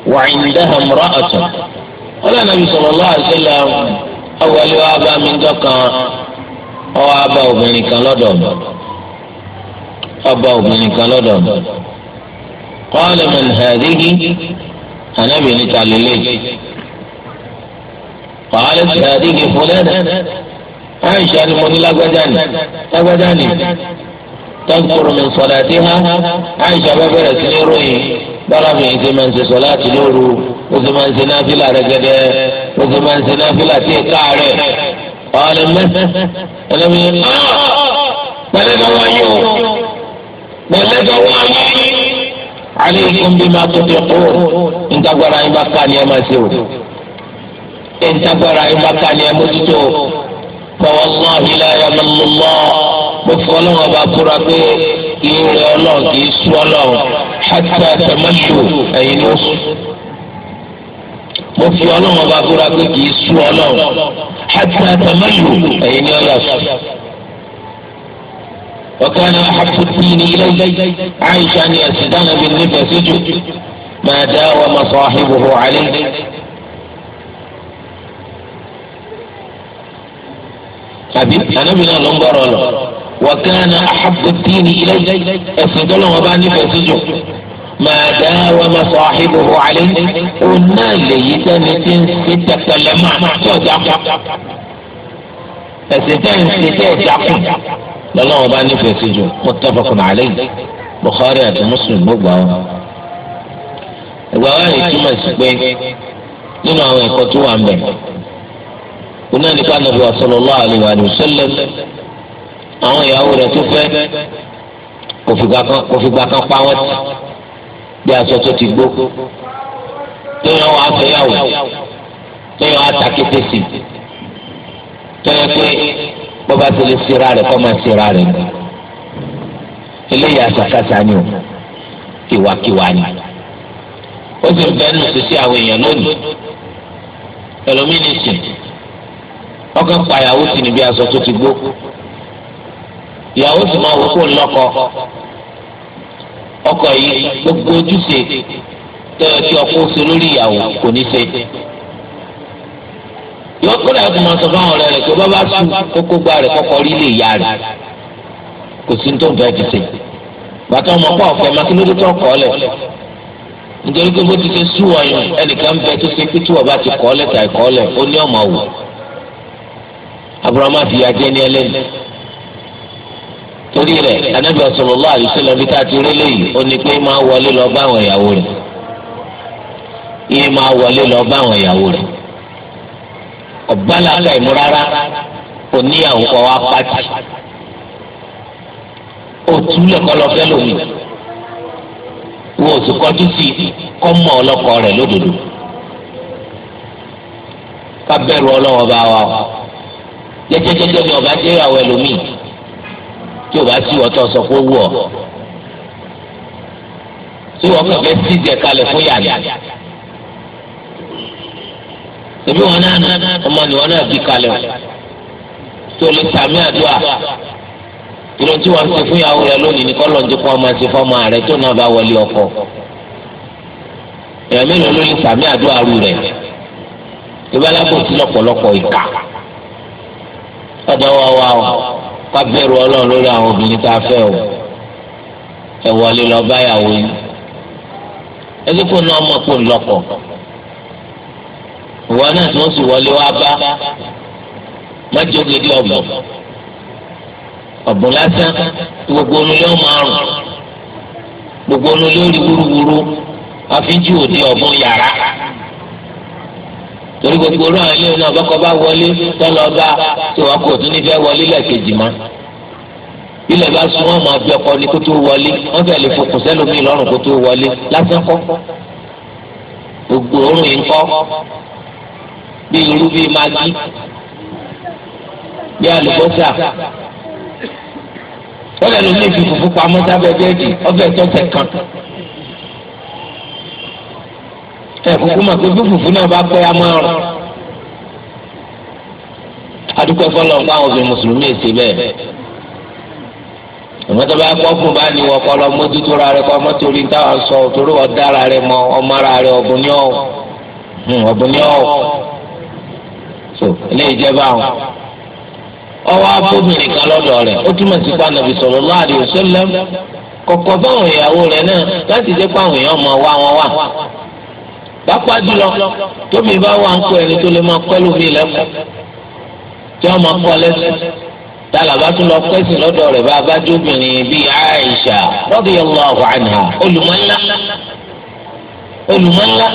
وعندها امرأة قال النبي صلى الله عليه وسلم أول وابا من دقا أو أبا وبنك لدم أبا وبنك لدم قال من هذه أنا بنت علي قالت هذه فلانة عائشة المني لقداني لقداني tẹ́ǹkùrù mi sọ̀dà tí ha àìsàn bá bẹ̀rẹ̀ sí ní ròyìn bára mi ṣe máa ń ṣe sọ̀lá àti lóru ó sì máa ń ṣe náfìlà rẹ̀gẹ̀dẹ̀ ó sì máa ń ṣe náfìlà tí ì káàárẹ̀ ọ̀ọ́nì mẹ́sẹ̀ ẹlẹ́mi ah, pẹ̀lẹ́dọ̀wọ́ yìí o pẹ̀lẹ́dọ̀wọ́ yìí alẹ́ ìkún bí máa tó dẹ̀kọ́ ntagbara yín bá ká ni ẹ máa ṣe o ntagbara yín bá ká ni ẹ mójútó fọwọ́ mo fọ ọlọ́run ọba búra pé kì í rẹ ọlọ́run kì í sú ọlọ́run hátà tẹ̀mẹ́lò ẹ̀yin ló sùn. mo fi ọlọ́run ọba búra pé kì sú ọlọ́run hátà tẹ̀mẹ́lò ẹ̀yin ló sùn. وكان أحب الدين إلي عائشة أن يسدن بالنبى سجود ما داوم صاحبه عليه àbí أنا náà ló ń وكان أحب الدين إليه أفضل وما نفسجه ما داوم صاحبه عليه قلنا اللي تنتين ستة كلمة تدعم فستين ستة دعم لله وما نفسجه متفق عليه Bukhari àti Muslim ló gbà wọn. ìgbà wa yìí túmọ̀ sí pé nínú àwọn ẹ̀kọ́ tó wà ń bẹ̀. onáníkà nàbẹ̀wà sallallahu alaihi wa sallam àwọn ìyàwó rẹ̀ tó fẹ́ kò fìgbà kan pa wọ́n ti bí aṣọ tó ti gbó tóyàn wà fẹ́yàwó tóyàn wà takété sí tóyàn pé bọ́ba ti lè sira rẹ̀ kọ́ máa sira rẹ̀ ni eléyìí àṣàkáṣà ni o kìwàkìwà ni ó sì ń bẹ́ẹ̀ nù sí sí àwọn èèyàn lónìí ẹlòmínísì ọkọ̀ pàyàwó sì ní bí aṣọ tó ti gbó. ìyàwó sì máa wò kó lọ́kọ ọkọ yìí gbogbo ojúṣe tó ọkọ ṣe lórí ìyàwó kò ní ṣe máa sọ ọ̀rẹ́ rẹ̀ pé sùn kókó gba rẹ̀ kọ́kọ́ rí lè yá rẹ̀ kò sí tó ń fẹ́ ti ṣe bàtà ọmọ pọ̀ ọ̀fẹ́ máa kí ló dé tó kọ́ lẹ̀ nítorí pé bó ti torí rẹ̀ anábì sallallahu alaihi wasallam bí káàtì rélé yìí ó ní pé máa wọlé lọ bá àwọn ìyàwó rẹ̀ yìí máa wọlé lọ bá àwọn ìyàwó rẹ̀ ọ̀bá làákà ìmú rárá oníyàwó kọ́ wá pàtì òtún lẹ́kọ́ lọ fẹ́ lómi wọ́n òtún kọjú sí kọ́mọ ọlọ́kọ rẹ̀ lódodo kábẹ́rù ọlọ́wọ́ bá wa jẹ́jẹ́jẹ́jẹ́ ni ọba jẹ́ ìyàwó ẹlòmíì tí o bá sí ọtọ sọ pé ó wù ọ tí wọn kàn fẹ́ sí ìjẹ kalẹ̀ fún yàrá èmi wọn náà ọmọ ni wọn náà bí kalẹ̀ tí o lè sàmì àdúrà irun tí wọn ti fún yàwó rẹ lónìí ní kọlọ̀ ní kó ọmọ ti fọmọ rẹ tó náà bá wọlé ọkọ èèyàn mélòó ló lè sàmì àdúrà rú rẹ ìbálòpọ̀ sí lọ́pọ̀lọpọ̀ ìka ọ̀dọ̀ wa wa o ká bẹ̀rù ọlọ́run lórí àwọn obìnrin tá a fẹ́ o ẹ wọlé lọ báyàwó yìí ẹbí kò ná ọmọ kò lọ́kọ ìwọ náà tí wọ́n sì wọlé wá bá májogede ọ̀bùn ọ̀bùn lásán gbogbo onulé ọmọ àrùn gbogbo onulé orí wúruwúru àfi jù òde ọ̀bùn yàrá torí gbogbo orí àwọn ilé náà bọ́kọ bá wọlé tọ́lọ bá tí wọn kò tún ní fẹ́ wọlé lẹ́ẹ̀kejì mọ́ ilẹ̀ bá sún wọn mọ abẹ́ ọkọ ni kó tó wọlé wọn fẹ́ lè fokùn sẹ́lómi lọ́rùn kó tó wọlé lásán kọ́ gbogbo orun yìí ń kọ́ bí irú bí magi bí àlùbọ́sà wọ́n lẹ́nu ní ìfi fùfú pamọ́ sábẹ́ bẹ́ẹ̀dì ọbẹ̀ tó tẹ̀ kan ẹ kúkú mà pé fúfúfú náà bá pẹ́ a máa rọ̀ adúpẹ́ fọlọ́ nǹkan àwọn obìnrin mùsùlùmí èsì bẹ́ẹ̀ ìmọ̀tò bá kọ́ fún bá ní wọ́kọ́ lọ mójútó ra rẹ kọ́ mọ́tò orí táwọn sọ torí wọ́n dá ara rẹ mọ ọmọ ara rẹ ọ̀bùn ní ọ̀ hmm, ọ̀bùn ní ọ̀ so ilé ìjẹba àwọn ọwọ́ abóbìnrin kan lọ́dọ̀ rẹ̀ ó túmọ̀ sí pa nàbì sallallahu alaihi wasallam kọ̀kọ́ báwọn ìyàwó rẹ̀ náà láti dé pa èèyàn ọmọ wa wọn wà pápá jùlọ tóbi bá wà ń kó ẹni tó lè máa kọ́ lómi lẹ́kọ̀ọ́ tí wọ́n máa kọ́ lẹ́sìn tálàbà tún lọ pẹ́sìn lọ́dọ̀ rẹ̀ bá a bá jóbìnrin bíi Aisha radiyallahu anha olùmọ̀ńlá olùmọ̀ńlá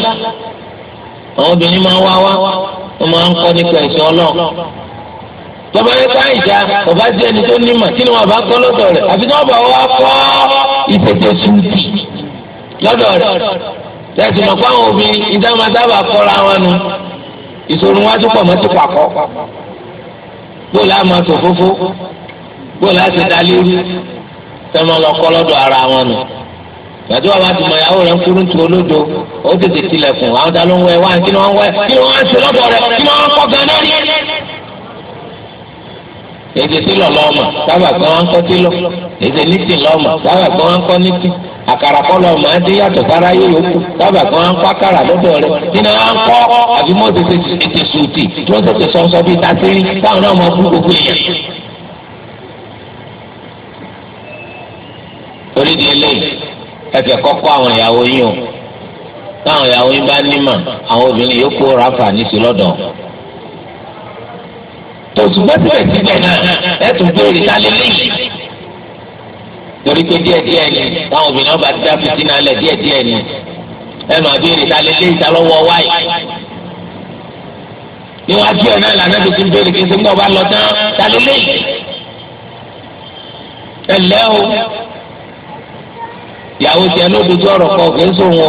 àwọn obìnrin máa wá wá wọ́n máa ń kọ́ nípa ẹ̀sìn ọlọ́run tọ́ba yẹn ká ìjà bàbá sí ẹni tó nímọ̀ kí ni wọ́n bá kọ́ lọ́dọ̀ rẹ̀ àfi tí wọ́n bá wá kọ́ ìtẹ̀tẹ̀ sùn lọ́dọ̀ tẹ̀sí mọ̀ pé àwọn obìnrin ìdáhùn sábà kọ́ra wọn nu ìṣòro wọn tó pọ̀ mọ́ tó pàkọ́ bóòlù àmọ́ tó fófó bóòlù àti dalíru tẹ́wọ́n lọ kọ́ lọ́dọ̀ ara wọn nu gbàdúrà wa bá ti mọ ìyàwó rẹ ń kúrú tu olódo ó tètè tilẹ̀kùn àwọn ta ló ń wẹ wá kí ni wọ́n wẹ kí ni wọ́n ṣe lọ́dọ̀ rẹ kí ni wọ́n kọ́ gan-an ní. èdè sílọ̀ lọ́mọ̀ sábà kan wọ́n ń kọ́ sílọ̀ èdè nítì lọ́mọ̀ sábà kan wọ́n ń kọ́ nítì àkàrà kọlọ màá dín yàtọ̀ sára yé yòókù sábà kan á ń pàkàrà lọ́dọ̀ rẹ̀ nínú à ń kọ́ àbí mọ́ tètè ètè sùtì tí wọ́n tètè sọ́nsọ́ bíi tásírí táwọn náà máa bú gbogbo èèyàn. torí di eléyìí ẹ̀fẹ̀ kọ́kọ́ àwọn ìyàwó yín o táwọn ìyàwó yín bá nímọ̀ àwọn obìnrin yòókù ráfà ní sí lọ́dọ̀ tòṣùgbọ́sibẹ̀ síbẹ̀ náà ẹ̀ torí pé díẹ̀ díẹ̀ ni táwọn obìnrin ọba ti dá fìtínà lẹ̀ díẹ̀ díẹ̀ ni ẹ máa béèrè ta lè lé ìtalọ́wọ́ wáyé níwájú ẹ̀ náà lànà tó ti ń béèrè kí n sọ́kùn ọba lọ tán ta lé ẹ lẹ́ o ìyàwó tiẹ̀ ló dojú ọ̀rọ̀ kan kì í sòwò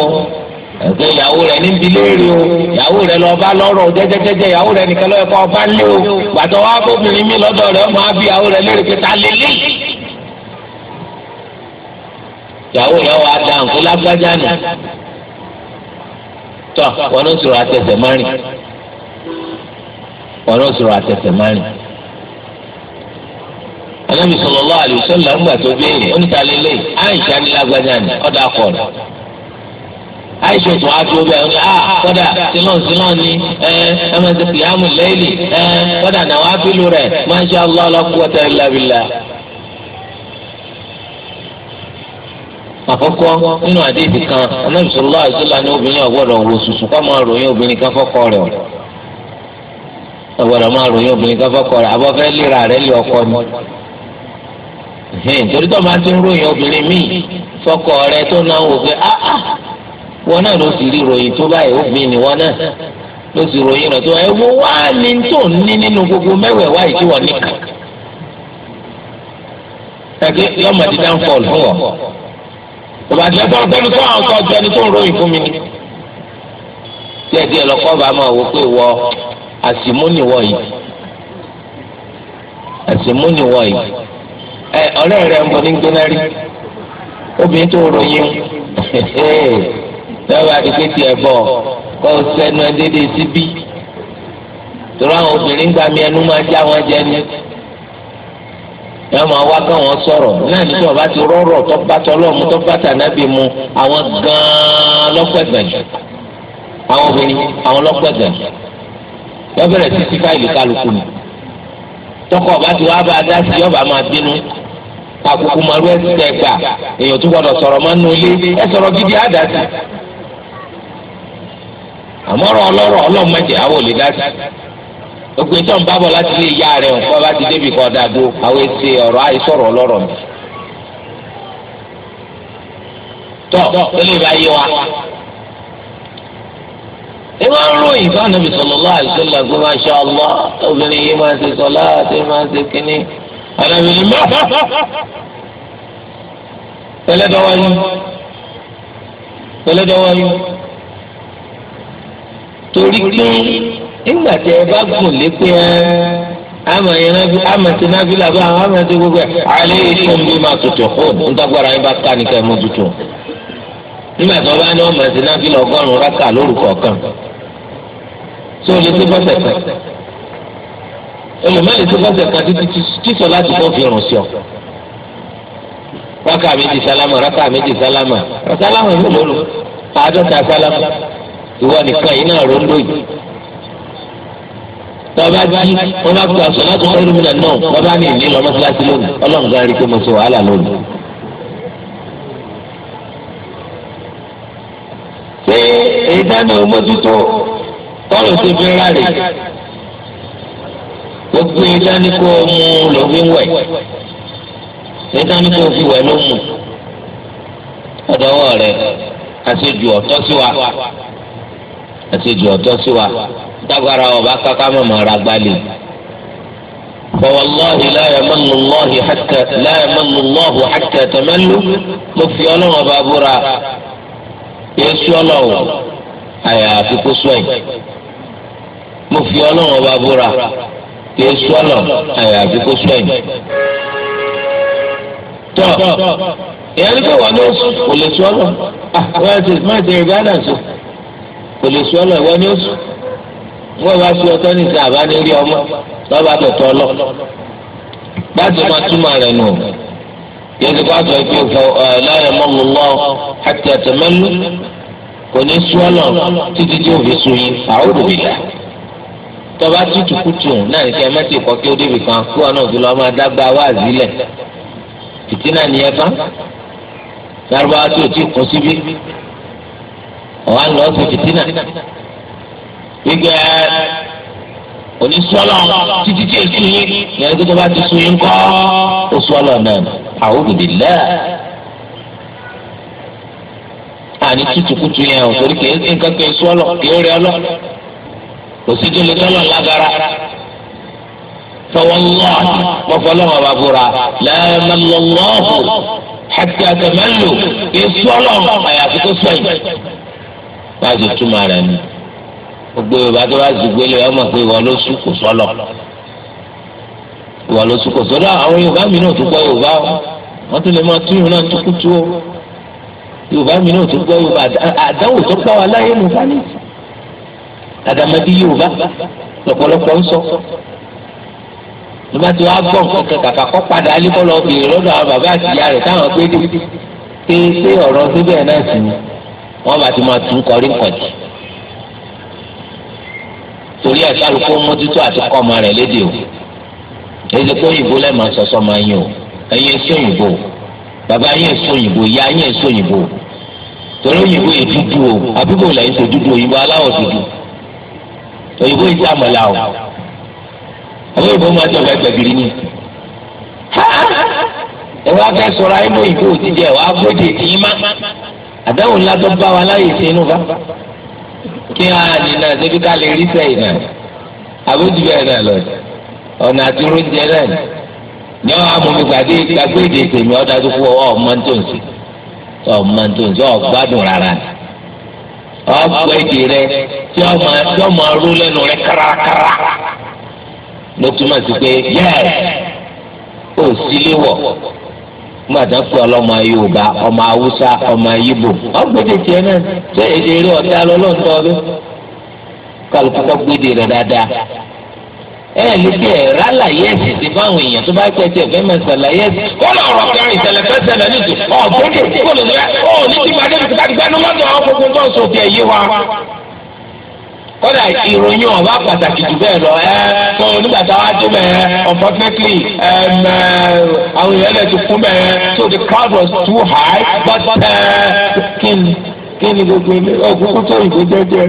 ẹgbẹ́ ìyàwó rẹ̀ níbi léèrè o ìyàwó rẹ̀ lọ bá lọ́rọ̀ jẹ́jẹ́jẹ́jẹ́ ìyàwó rẹ̀ nìkan lọ́yẹ̀kọ́ ọba lé o gbàtọ́ wa bóbìnrin mi lọ́dọ̀ rẹ̀ ọmọ abiyàwó rẹ̀ léèrè pé ta lé ìyàwó yẹn wà á da nǹkan lágbájá nù tọ wọn ló sọ̀rọ̀ àtẹsẹ márìn wọn ló sọ̀rọ̀ àtẹsẹ márìn anabi sallallahu alaihi wasallam ńgbà tó béèrè oníta lélẹ àìsàn ní lágbájá ni ọdọ akọrọ àìsàn tó wá tó bẹ ọ ní à ah, kọdà sílọn sílọn ni ẹ ẹ máa ti pìyàmù lẹ́yìn ẹ kọdà náà wàá fi lù rẹ masha Allah la quwwata illa àkọ́kọ́ nínú àdéhùn kan anábì sọlá àìsílá ní obìnrin ọ̀gbọ́dọ̀ wò sùsù kọ́ máa ròyìn obìnrin kan fọ́kọ rẹ̀ o ọ̀gbọ́dọ̀ máa ròyìn obìnrin kan fọ́kọ rẹ̀ àbọ̀ fẹ́ lera rẹ̀ lé ọkọ ni torí tó máa ti ń ròyìn obìnrin míì fọ́kọ rẹ̀ tó náà wò pé áá ah, ah, wọn náà ló sì rí ròyìn tó báyìí obìnrin ni wọn náà ló sì ròyìn rẹ̀ tó ẹ wo wá ní tó ní nínú gbogbo mẹ́wẹ̀ẹ́wá ìdíwọ̀ nìkan. yọmọdé dáńfọ̀ọ̀lù fún ọ ìbàdàn tó ń tẹnu tó àwọn kan jẹni tó ń ròyìn fún mi ni. díẹ̀ díẹ̀ lọ́kọ́ bá máa wò pé wọ àsìmúnìwọ̀ yìí àsìmúnìwọ̀ yìí ẹ ọ̀rẹ́ rẹ̀ ń bọ̀ ní gbóná rí obìnrin tó ròyìn lọ́wọ́ àdìgbẹ́tì ẹ̀ bọ̀ kọ́ sẹ́nu ẹ̀ déédéé síbí. torí àwọn obìnrin gbà ẹnu máa já wọn jẹ ni ẹ máa wá káwọn sọ̀rọ̀ náà ní sọ̀rọ̀ bá ti rọ̀rọ̀ tọ́ba tọ́lọ́mù tọ́ba tànábì mu àwọn gan-an lọ́pẹ̀gbẹ̀ jù àwọn obìnrin àwọn lọ́pẹ̀gbẹ̀ jù wọ́n bẹ̀rẹ̀ sí sí fáìlì kálukú ni tọkọ ọba ti wá bá a dá sí ọba máa bínú àkókò màlúù ẹsẹ tẹ gbà èèyàn tó gbọ́dọ̀ sọ̀rọ̀ máa ń nu ilé ẹ sọ̀rọ̀ gidi á dá sí àmọ́rọ̀ ọlọ́rọ̀ ọlọ́mọdé àwọn ò lè dá sí òpè tó ń bá bọ̀ láti lé ìyá rẹ̀ nǹkan bá ti débi kan dàdó àwọn èsì ọ̀rọ̀ àìsọ̀rọ̀ ọlọ́rọ̀ mi. tọ́ tẹ́lẹ̀ bá yé wa. ẹ wá ń ròyìn fún anabi sallallahu alaihi wasallam pé masha Allah obìnrin yìí máa ń ṣe sọlá àti máa ń ṣe kínní anabi ni mọ́. pẹ̀lẹ́ dọ́wọ́ yín pẹ̀lẹ́ torí kí nígbà tí ẹ bá gùn lépe ẹ àmọ́ ìrìnàjò àmọ́ ti náfìlà bá àwọn àmọ́ ti gbogbo ẹ alẹ́ ìṣòwò bí máa tutù hó nítàgbára yín bá ká nìkan mú tutù nígbà tí wọ́n bá ní ọmọ ti náfìlà ọgọ́rùn rákà lórúkọ kan tí o lè tó bọ́sẹ̀ kan olùmọ̀lẹ́ tó bọ́sẹ̀ kan títí tíṣọ láti kọ́ fi rùn sí ọ rákà méjì sálámà rákà méjì sálámà sálámà ló lò àádọ́ta sálámà ìwọ nìkan yìí náà ròndó yìí tọ́ba jí ọba fi àṣọ láti wọ́n rúmi náà náà bàbá mi ní lọ mọ́sálásí lónìí ọlọ́run gan rí pé mo ṣe wàhálà lónìí. ṣé èyí dáná mójútó tọ́lù ti fi ráre gbogbo èyí dáná kó mú lòfin wẹ̀ èyí dáná kó fi wẹ̀ ló mú ọ̀dọ́wọ́ rẹ̀ àṣejù ọ̀tọ̀ sí wa àṣejù ọ̀tọ̀ sí wa tágbára ọba káká mọ̀ mọ̀ ra gbalẹ̀. فوالله لا يمن الله حتى لا يمن الله حتى تملوا مفي الله وبابورا يسوى الله أيا في كسوين مفي الله وبابورا يسوى الله أيا في كسوين tọ ìyẹn pé wọn ló kò lè sọ lọ wọn ti má ti rí gánà sọ kò lè sọ lọ wọn ni ó sọ wọ́n bá fi ọtọ́ ní ìsìn àbá ní rí ọmọ lọ́ba tọ̀tọ̀ lọ. láti máa túmọ̀ rẹ̀ nù yẹtù ká sọ pé láyé mọ́lúlọ́ àti àtẹ̀mẹ́lú kò ní sú ọ̀nà títí tí òfin sun yín àwòrán ìlà. tọ́ba tútù kùtù náà ní kẹ́ mẹ́tì kọ́ kí ó débi kan kú ọ̀nà òfin lọ́ọ́ máa dágbà wá àzílẹ̀ fìtínà nìyẹn tán lárúbáwá tí ò tí kún síbí ọ̀hán lọ́ọ́ sí fìtínà ìgbẹ onísọlọ títí tí èsì yín yẹn ní kí tó bá ti sun yín kọ ó sọlọ náà a'udhu billah àní tutukutu yẹn o torí kìí ṣe nǹkan kìí sọlọ kìí rẹ ọlọ kò sí tó lè tọlọ lágara fọwọ́lọ́ mọ̀fọ́lọ́mọ̀ bá búra lẹ́ẹ̀mẹ́lọ́lọ́hù hatta tamallu kìí sọlọ àyàfi kó sọ yìí báyìí túmọ̀ rẹ̀ ni gbogbo yorùbá tó bá zùgbé lè ọmọ pé ìwọ ló sùn kò sọlọ ìwọ ló sùn kò sọlọ àwọn yorùbá mi náà tó gbọ́ yorùbá o wọn tún lè máa tún yìí náà tukutu o yorùbá mi náà tó gbọ́ yorùbá àdáwò tó pa wà láyé nù fani àdàmọdé yorùbá lọ́pọ̀lọpọ̀ ń sọ nígbà tí wàá gbọ́ nǹkan kẹkà kakọ́ padà alíkọ́lọ́ obìnrin lọ́dọ̀ àwọn bàbá àti ìyá rẹ̀ táwọn gbé dé pé pé ọ̀rọ̀ síbẹ̀ náà sì ni wọ́n bá ti máa tún kọrí nǹkan jù torí ẹ̀ kálukú mójútó àti kọ́ ọmọ rẹ̀ léde o èdè kó òyìnbó lẹ́ẹ̀ máa sọ̀sọ́ máa yín o ẹ̀yin èso òyìnbó bàbá yín èso òyìnbó ìyá yín èso òyìnbó torí òyìnbó yìí dúdú o àbíkò lẹ́yìn tó dúdú òyìnbó aláwọ̀ dúdú òyìnbó yìí sàmọ̀lá o àwọn òyìnbó máa tọ̀ fẹ́ gbẹ̀gìrì ni ẹ wá fẹ́ sọ̀rọ̀ ayé mọ́ òyìnbó òtí jẹ́ wàá gbọ́dọ̀ ètí yín má àdáwò ńlá tó bá wa láyè sí inú bá kí á nínà débi ká lè rí sẹ́yìn náà àbójú bẹ́ẹ̀ náà lọ ọ̀nà àti oúnjẹ náà ní ọ̀ amúmi gbàdé gbàgbé èdè tèmi ọ̀dà tó fún ọ ọmọ tó ń sè ọmọ tó ń sè ọ̀gbádùn rárá ọgbọ èdè rẹ tí ọmọ tí ọmọ rú lẹ́nu rẹ kárakára ló túmọ̀ sí pé yẹ́ẹ̀ ò sílé wọ̀ gbàdán pé ọlọ́mọ yorùbá ọmọ haúsá ọmọ yíbò ọgbẹ́dẹ̀ tiẹ̀ náà tó èdè eré ọ̀dà lọ́lọ́ńtọ́ ọdún kálukú kọ́ gbẹ́dẹ̀ rẹ̀ dáadáa ẹ lè fi ẹ̀rọ àlàyé ẹ̀sìn sí fáwọn èèyàn tó bá pẹ́ tí ẹ̀fẹ́ máa ṣàlàyé ẹ̀sìn. ó lọ rọ kẹrin ìṣẹ̀lẹ̀ fẹ́ ṣẹlẹ̀ ní ìsìn ọ̀gbọ́n kò lè fẹ́ ọ̀ ní tí gbàdébìtì ká gbẹnu lọ́dọ̀ àwọn gbogbo tó ń sọ kódà ìròyìn ọba pàtàkì jù bẹ́ẹ̀ lọ ẹ tó nígbà tá a dé bẹ́ẹ̀ unfortunately àwọn èèyàn lè ti kún bẹ́ẹ̀ so the crowd was too high but kí ni kí ni gbogbo ọgbọ́n tó ìbò jẹjẹ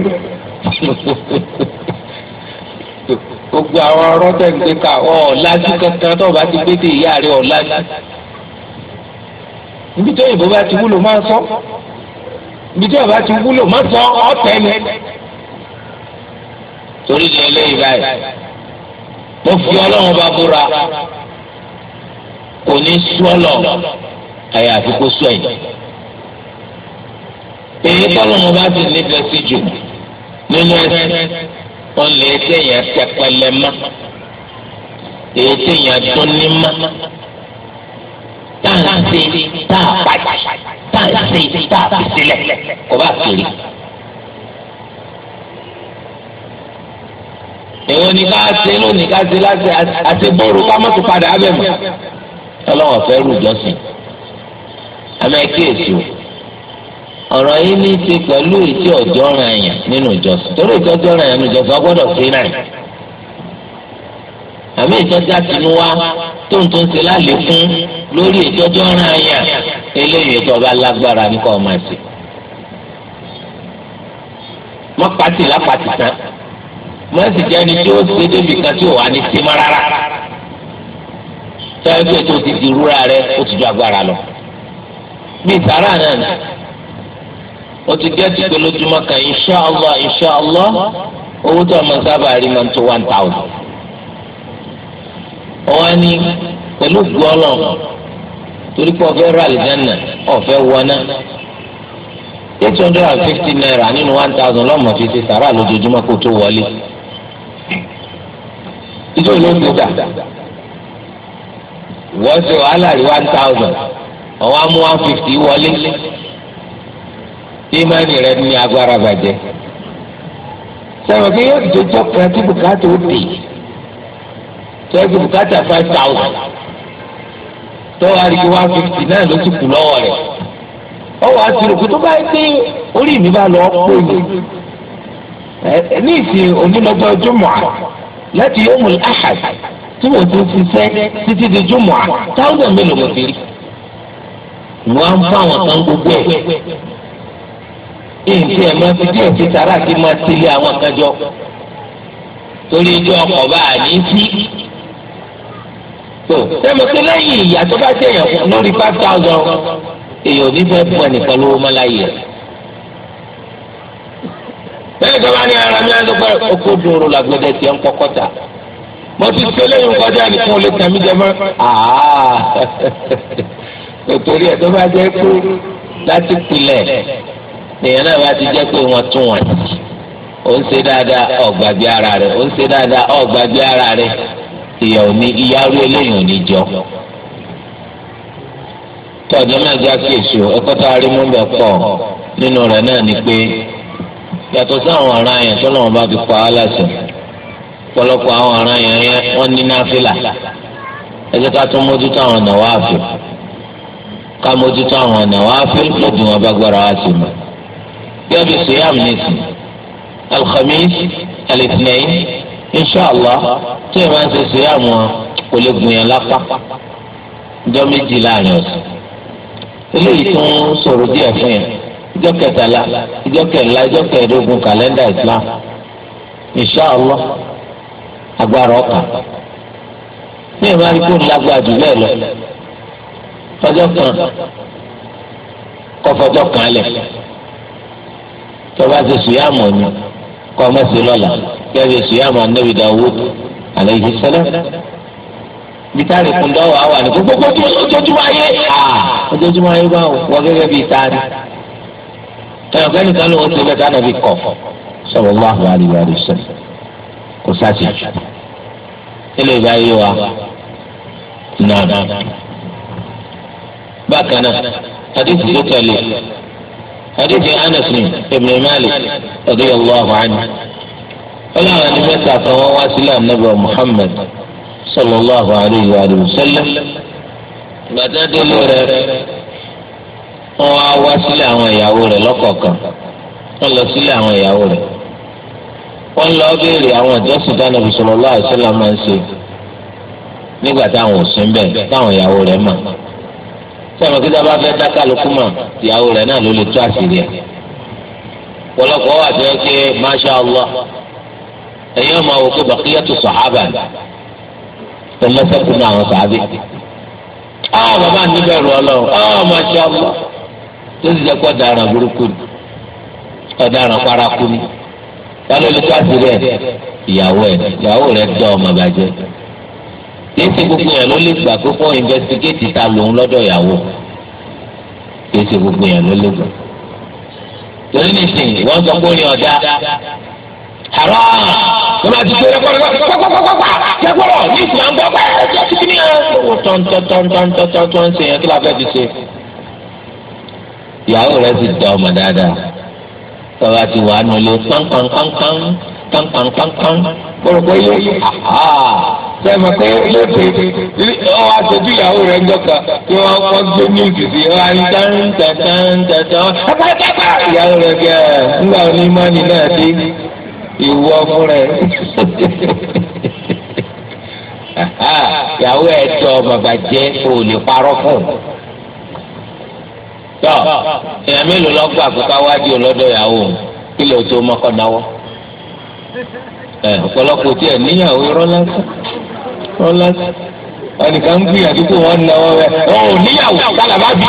gbogbo àwọn ọ̀rọ̀ tẹ̀ ń gbé ká ọ̀ lájú kankan tó o bá ti gbé dé ìyá rẹ̀ ọ̀ lájú. ibi tó ìbò bá ti wúlò máa sọ ibi tó ìbò bá ti wúlò máa sọ ọ̀tẹ̀ ni torí di eléyìí báyìí mo fi ọlọ́run bá búra kò ní sọ́lọ̀ àyà àti kó sọ yìí èyí tọ́lọ́run bá ti nífẹ̀ẹ́ sí jù nínú ẹsẹ̀ wọn lè téèyàn tẹpẹlẹ mọ́ èyí téèyàn tún ní mọ́ táǹsì táàpàṣì táǹsì táàpìsílẹ̀ kò bá kiri. èwo ni ká ṣe lónìí ká ṣe láti àti bóòrù ká mọ́tò padà abẹ́ mọ́ ọlọ́wọ́ fẹ́ rú jọ́sìn àmọ́ kíyèsí o ọ̀rọ̀ yìí ní í ṣe pẹ̀lú ìtí ọ̀jọ́ ọ̀ràn àyàn nínú ìjọsìn torí ìtọ́jú ọ̀ràn àyàn nínú ìjọsìn ọgbọ́dọ̀ sí náà àmì ìtọ́jú àtinúwá tó ń tó ń ṣe lálékún lórí ìtọ́jú ọ̀ràn àyàn eléyìí ètò ọba lágbára ní kò máa ṣe. mọ́pàtì lápàtì tán mọ́sí jẹ́ ni tí ó ṣe débi kan tí ò wá ní sí mọ́ rárá sọ́yìn pé tó ti di rúra rẹ ó ti ju agbára lọ bí sàrà náà ni ó ti jẹ́ ti pé lójúmọ́ kan insha Allah insha Allah owó tó ọmọ sábà rí máa ń tó one thousand wọ́n ní pẹ̀lú gbọ́lọ̀ torí pé ọ̀fẹ́ rà lìjánà ọ̀fẹ́ wọná eight hundred and fifty naira nínú one thousand lọ́mọ̀ fi ṣe sàrà lójoojúmọ́ kó tó wọlé ìjọ ìlú ti dà wọ́n ṣe wàhálà rí one thousand ọ̀wọ́n á mú one fifty wọlé ìmánì rẹ ní agbára bàjẹ́ sọ̀rọ̀ kí yóò jọjọ́ kan tí bùkátà ó dé tọ́jú bùkátà five thousand tọ́wọ́ àríkí one fifty náà ló ti kù lọ́wọ́ rẹ̀ ọwọ́ àtìrìkù tó bá gbé orí mi bá lọ́ọ́ pé ní ìsìn onílọ́gbọ́n ọjọ́ mọ́à láti yóò ahad tí mo ti ṣiṣẹ́ títí di jùmọ̀ à táwọn mélòó mo ti rí wọ́n á ń bá àwọn kan gbogbo ẹ̀ èyí ẹ̀ máa fi díẹ̀ fi sàrà sí máa tẹ̀lé àwọn kan jọ torí ijó ọkọ̀ bá a ní sí tó sẹ́mi pé lẹ́yìn ìyá tó bá jẹ̀yàn lórí five thousand èèyàn ò ní fẹ́ fún ẹnìkan lówó mọ́ láyé rẹ̀. lẹ́yìn tó bá ní ara mi lẹ́nu pẹ́ oko dòrò tiẹ̀ ń kọ́kọ́ ta mo ti ṣe lẹ́yìn kọjá nìkan ò lè tẹ̀ mí jẹ nítorí ẹ̀ bá jẹ́ pé láti pilẹ̀ nìyẹn náà bá ti jẹ́ pé wọ́n tún wọ̀n ó ń ṣe dáadáa ọ̀gbàgbé ara rẹ̀ ó ń ṣe dáadáa ọ̀gbàgbé ara rẹ̀ ìyá òní ìyá eléyìí òní jọ tọ́jú náà já kí èso ẹ̀kọ́ pọ̀ nínú rẹ̀ náà ni yàtọ̀ sáwọn ará yẹn tọ́lọ́ wọn bá fi pa á láṣẹ pọ̀lọpọ̀ àwọn ará yẹn yẹn wọ́n ní náfìlà ẹ jẹ́ ká tún mójútó àwọn ọ̀nà wá fi ká mójútó àwọn ọ̀nà wá fi lóbi wọn bá gbára wá sí mọ́ yóò fi sèyàm nìsí alhamis alitinayi inshàlá tí ìmọ̀ ṣe sèyàm wọn kò lè gùn lápá ọjọ́ méjì láàrin eléyìí tún sọ̀rọ̀ díẹ̀ fún yẹn ìjọ kẹtàlá ìjọ kẹrìnlá ìjọ kẹẹ̀ẹ́dógún kàlẹ́ndà islam inṣàlá agbára ọkà ní ìmọ̀ àdìgbò lágbára jù bẹ́ẹ̀ lọ fọjọ́ kan kọfọjọ́ kan lẹ̀ tọ́ba ti sùyàmù ni kọ́ ọmọ sí lọ́la kẹ́bi sùyàmù anabi dawud alayhi salam bitari kundọ wa wa ni gbogbo ojoojúmọ́ ayé ojoojúmọ́ ayé báwo wọ́n gẹ́gẹ́ taari ẹ̀rọ kẹ́ni kan lóun ti lẹ́tà nàbí kọ̀ sallallahu alaihi wa sallam kò sáàtì ilé ìgbà yìí wa náà bákan náà hadith tó tẹ̀lé hadith Anas ibn Malik radiyallahu anhu ọlọ́run ẹni mẹ́ta kan wọ́n wá sílẹ̀ ànábì Muhammad sallallahu alaihi wa sallam gbàdá délé rẹ̀ wọ́n wá wá sílé àwọn ìyàwó rẹ̀ lọ́kọ̀ọ̀kan wọ́n lọ sílé àwọn ìyàwó rẹ̀ wọ́n lọ béèrè àwọn ìjọsìn dáná bisalọ lọ àìsílá máa ń ṣe nígbà táwọn ò sí ń bẹ táwọn ìyàwó rẹ̀ mọ̀ sọ̀rọ̀ kí dábàá fẹ́ dákàlùkù mọ̀ ìyàwó rẹ̀ náà ló lè tó àṣírí ẹ̀ pọ̀lọpọ̀ wà tó yẹ kí masha allah ẹ̀yin ọmọ àwọn òkú bàkíyàtò sàhábà tẹ̀lẹ́sẹ̀kùn náà àwọn sàhábì. ah bàbá mi bẹ̀rù ọlọ́run ah masha allah tó sì jẹ́ kó ọ̀daràn burúkú ni ọ̀daràn paraku ni lálẹ́ olùkọ́ àti rẹ̀ ìyàwó ẹ̀ ìyàwó rẹ̀ dọ́ ọmọ bàjẹ́ kéésì gbogbo yẹn ló lè gbà pé fún investigate ta lòun lọ́dọ̀ ìyàwó kéésì gbogbo yẹn ló lè gbà torí nìsín wọ́n sọ pé ó ní ọ̀dà àrà tó bá ti gbé pàpàpàpàpà kẹgbọrọ ní ìsìn àgbọgbà ẹ jẹ títí ẹ. owó ń ṣe kí la fẹ́ fi ṣe ìyàwó rẹ̀ ti dọ̀ ọmọ dáadáa tọ́ba ti wà nù lé pánpánpánpán pánpánpánpán kórópó yé sẹ́mi pé lóde ọwọ́ aṣojú ìyàwó rẹ̀ ńjọka tí wọ́n kọ́ gbé mílíkì sí ọ àìdáńdáńdáńdáńdán ìyàwó rẹ̀ kẹ́ ẹ̀ ńgbà onímọ̀ọ́nì náà dé ìwọ fúnra ẹ̀ ìyàwó ẹ̀ tọ́ bàbá jẹ́ òní parọ́ fún un tọ èèyàn mélòó lọ gbà pé káwájú ọlọ́dọ̀ ìyàwó kí lè tó mọ́kọ́ náwó ẹ ọ̀pọ̀lọpọ̀ tí ẹ níyàwó irọ́ lásán irọ́ lásán ọ̀nìkan ń gbìyànjú pé wọ́n náwó rẹ wọn ò níyàwó tálábà bí.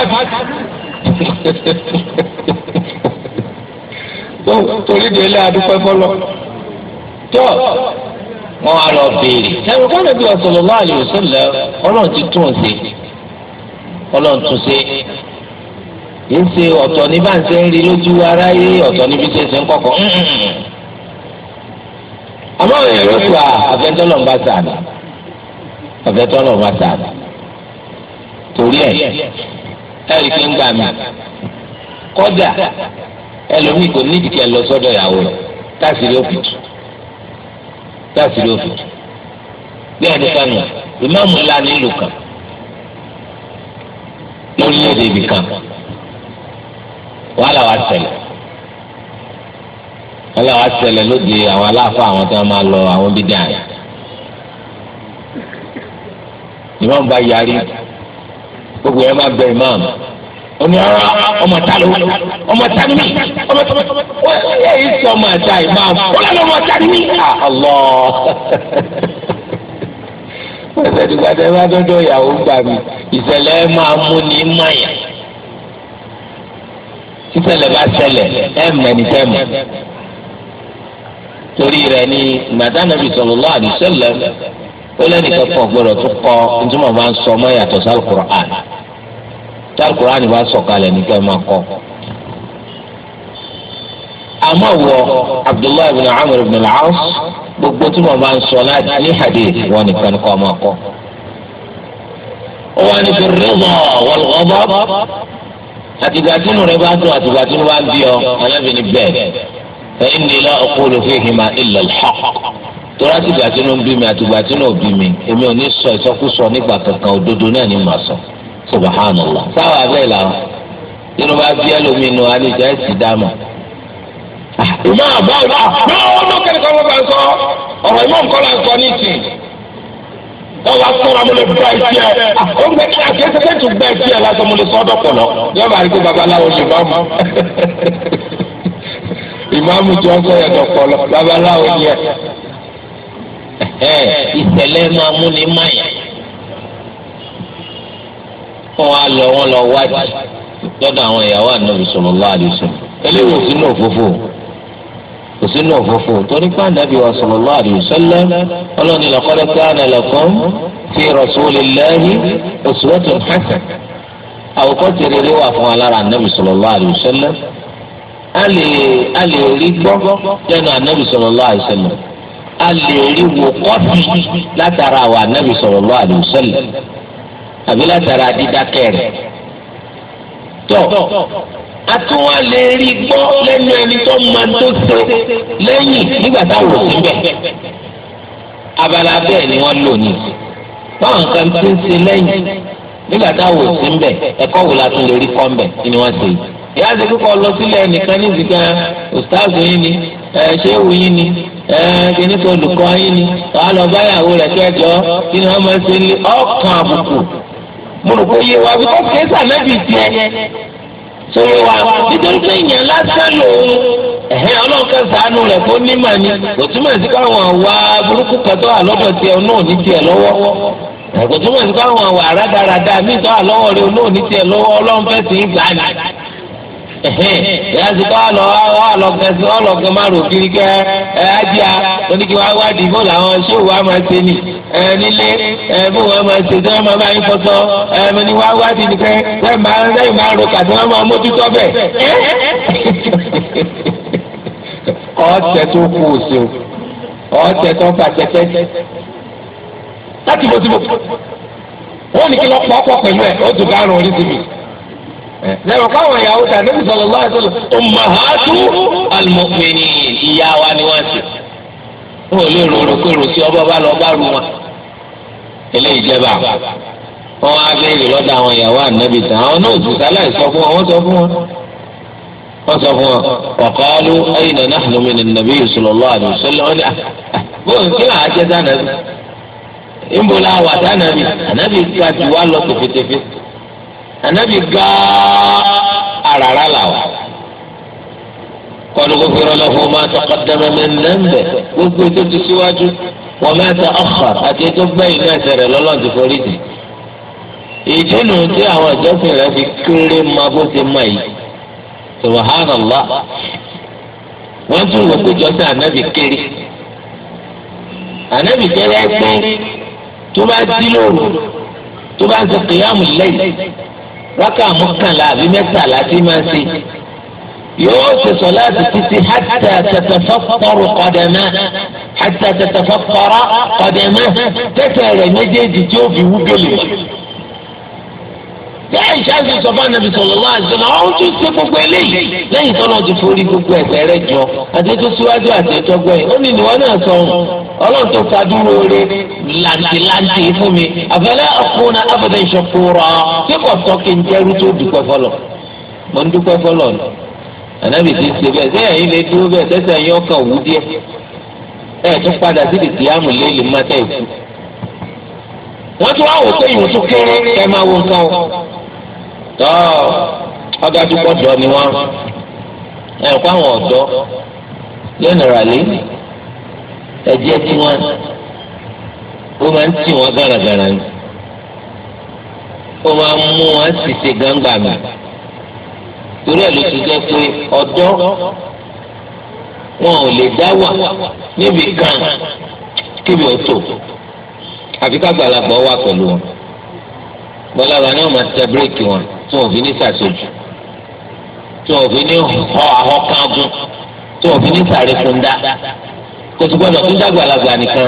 tó torí délé adúpẹ́ fọlọ́ tó wọn á lọ béèrè. ẹ̀rù kọ́lẹ̀ bí sallallahu alaihi wasallam ọlọ́run ti tún un ṣe ọlọ́run tún ṣe yìí ṣe ọ̀tọ̀ ní bá ń ṣe ń rí lójú aráyé ọ̀tọ̀ níbi ṣe ṣe ń kọ̀kọ̀ àmọ́ èèyàn ló fà àfẹ́tọ́lọ̀ ń bá sàmì àfẹ́tọ́lọ̀ ń bá sàmì torí ẹ̀ ẹ̀rí pé ń gbà mí kọ́dà ẹlòmíì kò nídìí kẹ́ lọ sọ́dọ̀ ìyàwó rẹ̀ táàsìrì òfìtù táàsìrì òfìtù bí ẹni kanu ìmáàmù ńlá nílùú kan lórílẹ̀ wàhálà wa ṣẹlẹ̀ wàhálà wa ṣẹlẹ̀ lóde àwọn aláfa àwọn tí wọ́n máa lọ àwọn bíi dáhà ìmáàmù bá yarí gbogbo yẹn máa bẹ ìmáàmù oní ọ̀rọ̀ ọmọ ta ló ọmọ ta ni mí ọmọ ta wọ ẹ yìí sọ ọmọ ta ìmáàmù kọlá lọ ọmọ ta ni mí àlọ pẹ̀lú ìgbàdé bá dọdọ ìyàwó gbà mí ìṣẹ̀lẹ̀ máa mú ní mayà sísẹ̀lẹ̀ bá ṣẹlẹ̀ ẹ̀ mẹ́ni tẹ́mọ̀ torí rẹ̀ ni màdánàbí sallallahu alaihi wasallam ó lẹ́nu kẹ́kọ̀ọ́ gbọ́dọ̀ tó kọ ntúmọ̀ máa ń sọ ọmọ yàtọ̀ sí alukur'an tí alukur'an bá sọ̀kalẹ̀ ní kẹ́ẹ̀ máa kọ́. àmọ́ wọ abdullahi bin amr bin al-aas gbogbo tí wọ́n máa ń sọ láti ní hadith wọn nìkan kọ́ máa kọ́. ó wà ní fi ridha wal ghadab àtìgbà tínú rẹ bá dùn àtìgbà tínú bá ń bí ọ ọlẹ́bìnrin bẹ́ẹ̀ ẹ̀yìn ni la aqulu fihima illa al-haqq torí àtìgbà tínú ń bí mi àtìgbà tínú mi èmi ò ní sọ ìsọkúsọ nígbà kankan òdodo náà ni mà sọ subhanallah sáwà abẹ́ làwọn tínú bá bí ẹlòmíín nù alẹ́jọ́ ẹ̀ sì dá mà. Ah, ìmọ̀ àbá ìmọ̀ àbá ọ̀rọ̀ ìmọ̀ nǹkan ọwọ asọra mo lè gba ẹsẹ ẹ ọgbẹ akẹsẹ kẹtù gba ẹsẹ ẹ lásán mo lè sọ ọdọ pọlọ yọọ bá rí pé babaláwo ṣe bá mu ìmáàmù tí wọn sọ yẹn dọ pọlọ babaláwo yẹ ìṣẹ̀lẹ̀ ẹnu amúnimáyà wọn á lọ wọn lọ wájú lọ́dọ̀ àwọn ìyàwó ànábì sallallahu alaihi wasallam eléwòsí náà fòfò kò sínú òfófó torí pé ànábì wa sallallahu alaihi wasallam ọlọ́ni laqad kana lakum fi rasulillahi uswatun hasan àwòkọ́ṣe rere wà fún wa lára ànábì sallallahu alaihi wasallam a lè a lè rí gbọ́ lẹ́nu ànábì sallallahu alaihi wasallam a lè rí wò kọ́sì látara àwọn ànábì sallallahu alaihi wasallam àbí látara dídákẹ́ rẹ̀ tó àti wọn lè rí gbọ́ lẹ́nu ẹni tó máa tó ṣe lẹ́yìn nígbà táwọn ò síbẹ̀. abala bẹ́ẹ̀ ni wọ́n lò ní báwọn kan ti ń ṣe lẹ́yìn nígbà táwọn ò síbẹ̀ ẹ̀kọ́ wò la tún lè rí kọ́ mbẹ̀ ni wọ́n ṣe yìí ìyá àti kíkọ lọ sílẹ̀ nìkan ní ìsìnká ọ̀stáàzù yín ni ṣéwù yín ni kìnìkà olùkọ́ yín ni wàá lọ báyàwó rẹ̀ kẹjọ kí ni wọ́n máa ń ṣe ní ọkàn àbùkù mo rò sórí wa nítorí pé ìyẹn lásán lòun ẹ̀hẹ́ ọlọ́ọ̀kan sàánú rẹ̀ kó ní màní kò túmọ̀ sí káwọn àwa burúkú tiẹ̀ náà ní tiẹ̀ lọ́wọ́ kò túmọ̀ sí káwọn àwa àràdàràdà mí tọ́ àlọ́wọ́ rẹ̀ náà ní tiẹ̀ lọ́wọ́ yàtí kọ́ àlọ́ àlọ́gbẹ́ sí ọlọ́gbẹ́ máa rò kiri kẹ́ ẹ ájá oníkì wá wádìí bó làwọn ṣé òwò àmọ́ ṣe nì ẹ nílé ẹ bó wọ́n máa ṣe tí wọ́n máa bá yín fọ́tọ́ ẹ mo ní wá wádìí nìkẹ́ ẹ máa lẹ́yìn máa rò kàtí wọ́n máa mójútó bẹ̀. ọ̀ọ́tẹ̀ tó kú òṣèlú ọ̀ọ́tẹ̀ tó fà tẹ́tẹ́ láti bòtìbò wọ́n ní kí lọ́pọ̀ ọ̀pọ̀ pẹ̀lú ẹ̀ ó dùn lẹ́yìn káwọn ìyàwó ta níbi sọ̀rọ̀ lọ́wọ́ àtọ́lọ́ ummahatu al-mu'minin ìyá wa ni wọ́n ti. wọn ò lè rorò kúrò sí ọba bá lọ bá ru wọn. eléyìí jẹba wọn á béèrè lọ́dọ̀ àwọn ìyàwó ànábì tán àwọn náà òtún sálẹ̀ sọ fún wọn wọ́n sọ fún wọn. wọ́n sọ fún wọn wa qalu ayna nahnu min an-nabiyyi sallallahu alaihi wasallam anabi gaa arara la wa kọ́ni gbogbo ìrọ̀lẹ́ fún ọmọ àtọ́kọ́ dẹ́mẹ́mẹ́ lẹ́m̀bẹ̀ gbogbo ètò ti síwájú wọ́n máa ta ọ̀fà àti ètò gbẹ̀yìn náà ṣẹlẹ̀ lọ́lọ́dún forí dì. ìdí nu tí àwọn ìjọsìn rẹ fi kéré ma bó ti mọ yìí subahánàlá wọ́n tún wọ́n pé jọ́sìn ànábì kéré ànábì kéré pé tó bá dí lóru tó bá ń sọ kìyàmù lẹ́yìn rákà mọ́kànlá àbí mẹ́tàlá tí máa ṣe yóò ṣe sọláàtì títí hàtà tatafaqqaru qadama hàtà tatafaqqara qadama tẹsẹ̀ rẹ̀ méjèèjì tí ó fi wú gèlè wá. bẹ́ẹ̀ ìṣáàṣì sọ fún anabi sallallahu alaihi wasallam ọ̀hún tún ṣe gbogbo eléyìí lẹ́yìn tọ́lọ́ ti forí gbogbo ẹ̀ṣẹ̀ rẹ̀ jọ àti tó síwájú àti ẹ̀tọ́ gbẹ̀yìn ó ní ìwọ náà sọ ọ́n ọlọ́run tó fa dúró rẹ làǹtìlàǹtì fún mi àfẹlẹ́ ọkùnrin abẹ́fẹ́ ìṣọ̀kúrọ̀ tí kò tọ́ kí n jẹ́rú tó dúpẹ́ fọlọ́ mo ń dúpẹ́ fọlọ́ ni ànábì ti ṣe bẹ́ẹ̀ sẹ́yìn yìí lè dúró bẹ́ẹ̀ sẹ́sẹ̀ yìí ọkàn wú díẹ̀ ẹ̀ tún padà sí ìdí àmì lélẹ̀ mọ́tẹ́ ìkú wọ́n tún wá wò pé ìwọ̀n tún kéré ẹ̀ máa wo nǹkan o tọ́ ọ̀gájú pọ̀ dọ́ ni wọ́n ẹ̀ kó àwọn ọ̀dọ́ generally ẹ̀jẹ̀ tiwọn ó máa ń tì wọ́n gàràgàrà ni ó máa ń mú wọn sì ṣe gángba mi torí ẹ̀ ló ti jẹ́ pé ọ̀dọ́ wọn ò lè dá wà níbi kan kíbi ó tò àfi kágbàlagbà wà pẹ̀lú wọn gbọ́dọ̀ ni wọ́n máa tẹ bíréèkì wọn tí wọ́n fi ní sàṣojú tí wọ́n fi ní họ àhọ́kágún tí wọ́n fi ní sàrékúndá kò sì gbọdọ̀ tún dàgbàlagbà nìkan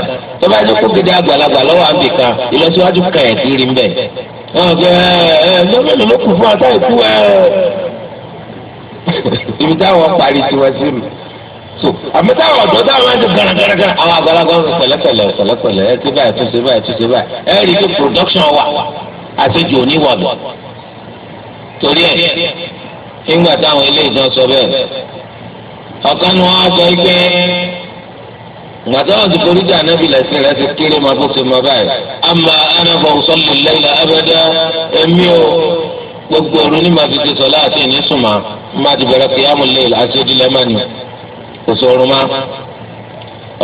tó bá dé kó gidi àgbàlagbà lọ́wọ́ àmì kan ìlọsíwájú kan ẹ̀ kiri ń bẹ̀. wọn kò ẹ ẹ mẹ́rin ló kù fún ata ìkú ẹ. ibi táwọn parí tiwọn sí mi. àmì táwọn ọ̀dọ́ táwọn ẹni gàràgàràgàrà àwọn àgbàlagbà ń pẹ̀lẹ́pẹ̀lẹ́ pẹ̀lẹ́pẹ̀lẹ́ ẹ ti báyìí tún ṣe báyìí tún ṣe báyìí ẹ rí i pé production wà àṣejù òní wà bọ̀. torí ẹ nígbà táwọn ilé ìjọ sọ bẹ́ẹ̀ gbàtà wọn ti torí dà nàbì lẹsìn rẹ ti kéré ma bó ṣe ma báyìí àmà ànàbọ sọlù lẹyìn abẹdẹ ẹmí o gbogbo òru ní ma fi ti sọlá àti ìní sùnmà má ti bẹ̀rẹ̀ kìyàmù lẹyìn àti ìdílé mẹni kò sọrọ ma.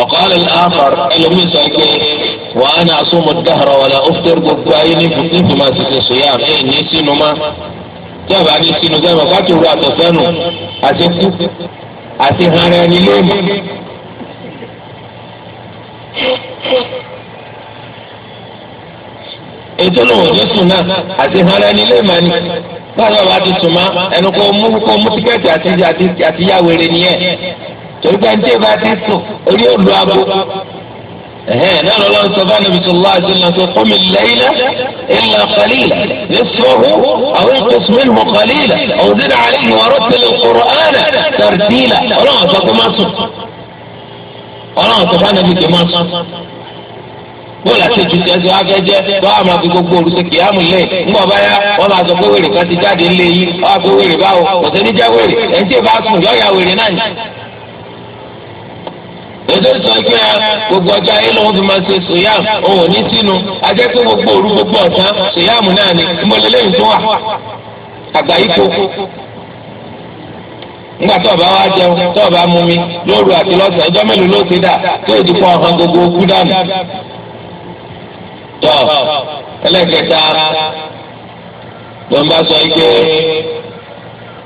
وقال الآخر ألمي ساكي وأنا أصوم الدهر ولا أفطر بقبائني فكنت ما تتي صيام إيه نسي نما تابع نسي نما فاتوا رأت فانو أتكتب أتهانا لليم ètò lòun ò ní sùn náà àti hànà nílé ìmọ̀ ni báyọ̀ bá ti sùn mọ́ ẹnu kó mú kó mú tíkẹ́ẹ̀tì àti àti àti yàwèrè nìyẹn torí pé ẹnjẹ́ bá ti sùn orí òlu abo náà lọ́wọ́ sọ bá nàbí sọlá àti nàṣẹ kọ́mi lẹ́yìnlá ìlà kàlílà ní sọ́hó àwọn ìkọ̀sùnmẹ́lì mọ̀ kàlílà ọ̀dẹ́dà àlẹ́ ìwọ̀rọ̀ tẹ̀lé kọ̀rọ̀ ààrẹ tẹ̀rẹ̀dìlà ọlọ́run tó bá nàbí tó máa sùn bóòlù àti ìjùsí ẹsẹ wa fẹẹ jẹ tó a máa fi gbogbo olùsè kìámù lé ńgbọ báyà wọn máa sọ pé wèrè kan ti jáde ńlẹ yìí wọn á pé wèrè báwo kò sí ní jẹ wèrè ẹ ń tí ì bá sùn yọ ya wèrè náà ni. ètò sọ pé gbogbo ọjọ́ ayé lòun fi máa ṣe sòyàm òun ò ní sínú ajẹ pé gbogbo òru gbogbo ọ̀sán sòyàmù náà ni ìmọ̀lẹ́lẹ́yìn nígbà tó o bá wá jẹun tó o bá mumi lóru àti lọ́sàn-án ẹjọ́ mélòó ló ti dà tó o ti kọ́ ọ̀hán gbogbo kú dànù. tọ́ ẹlẹ́kẹta ló ń bá sọ yìí pé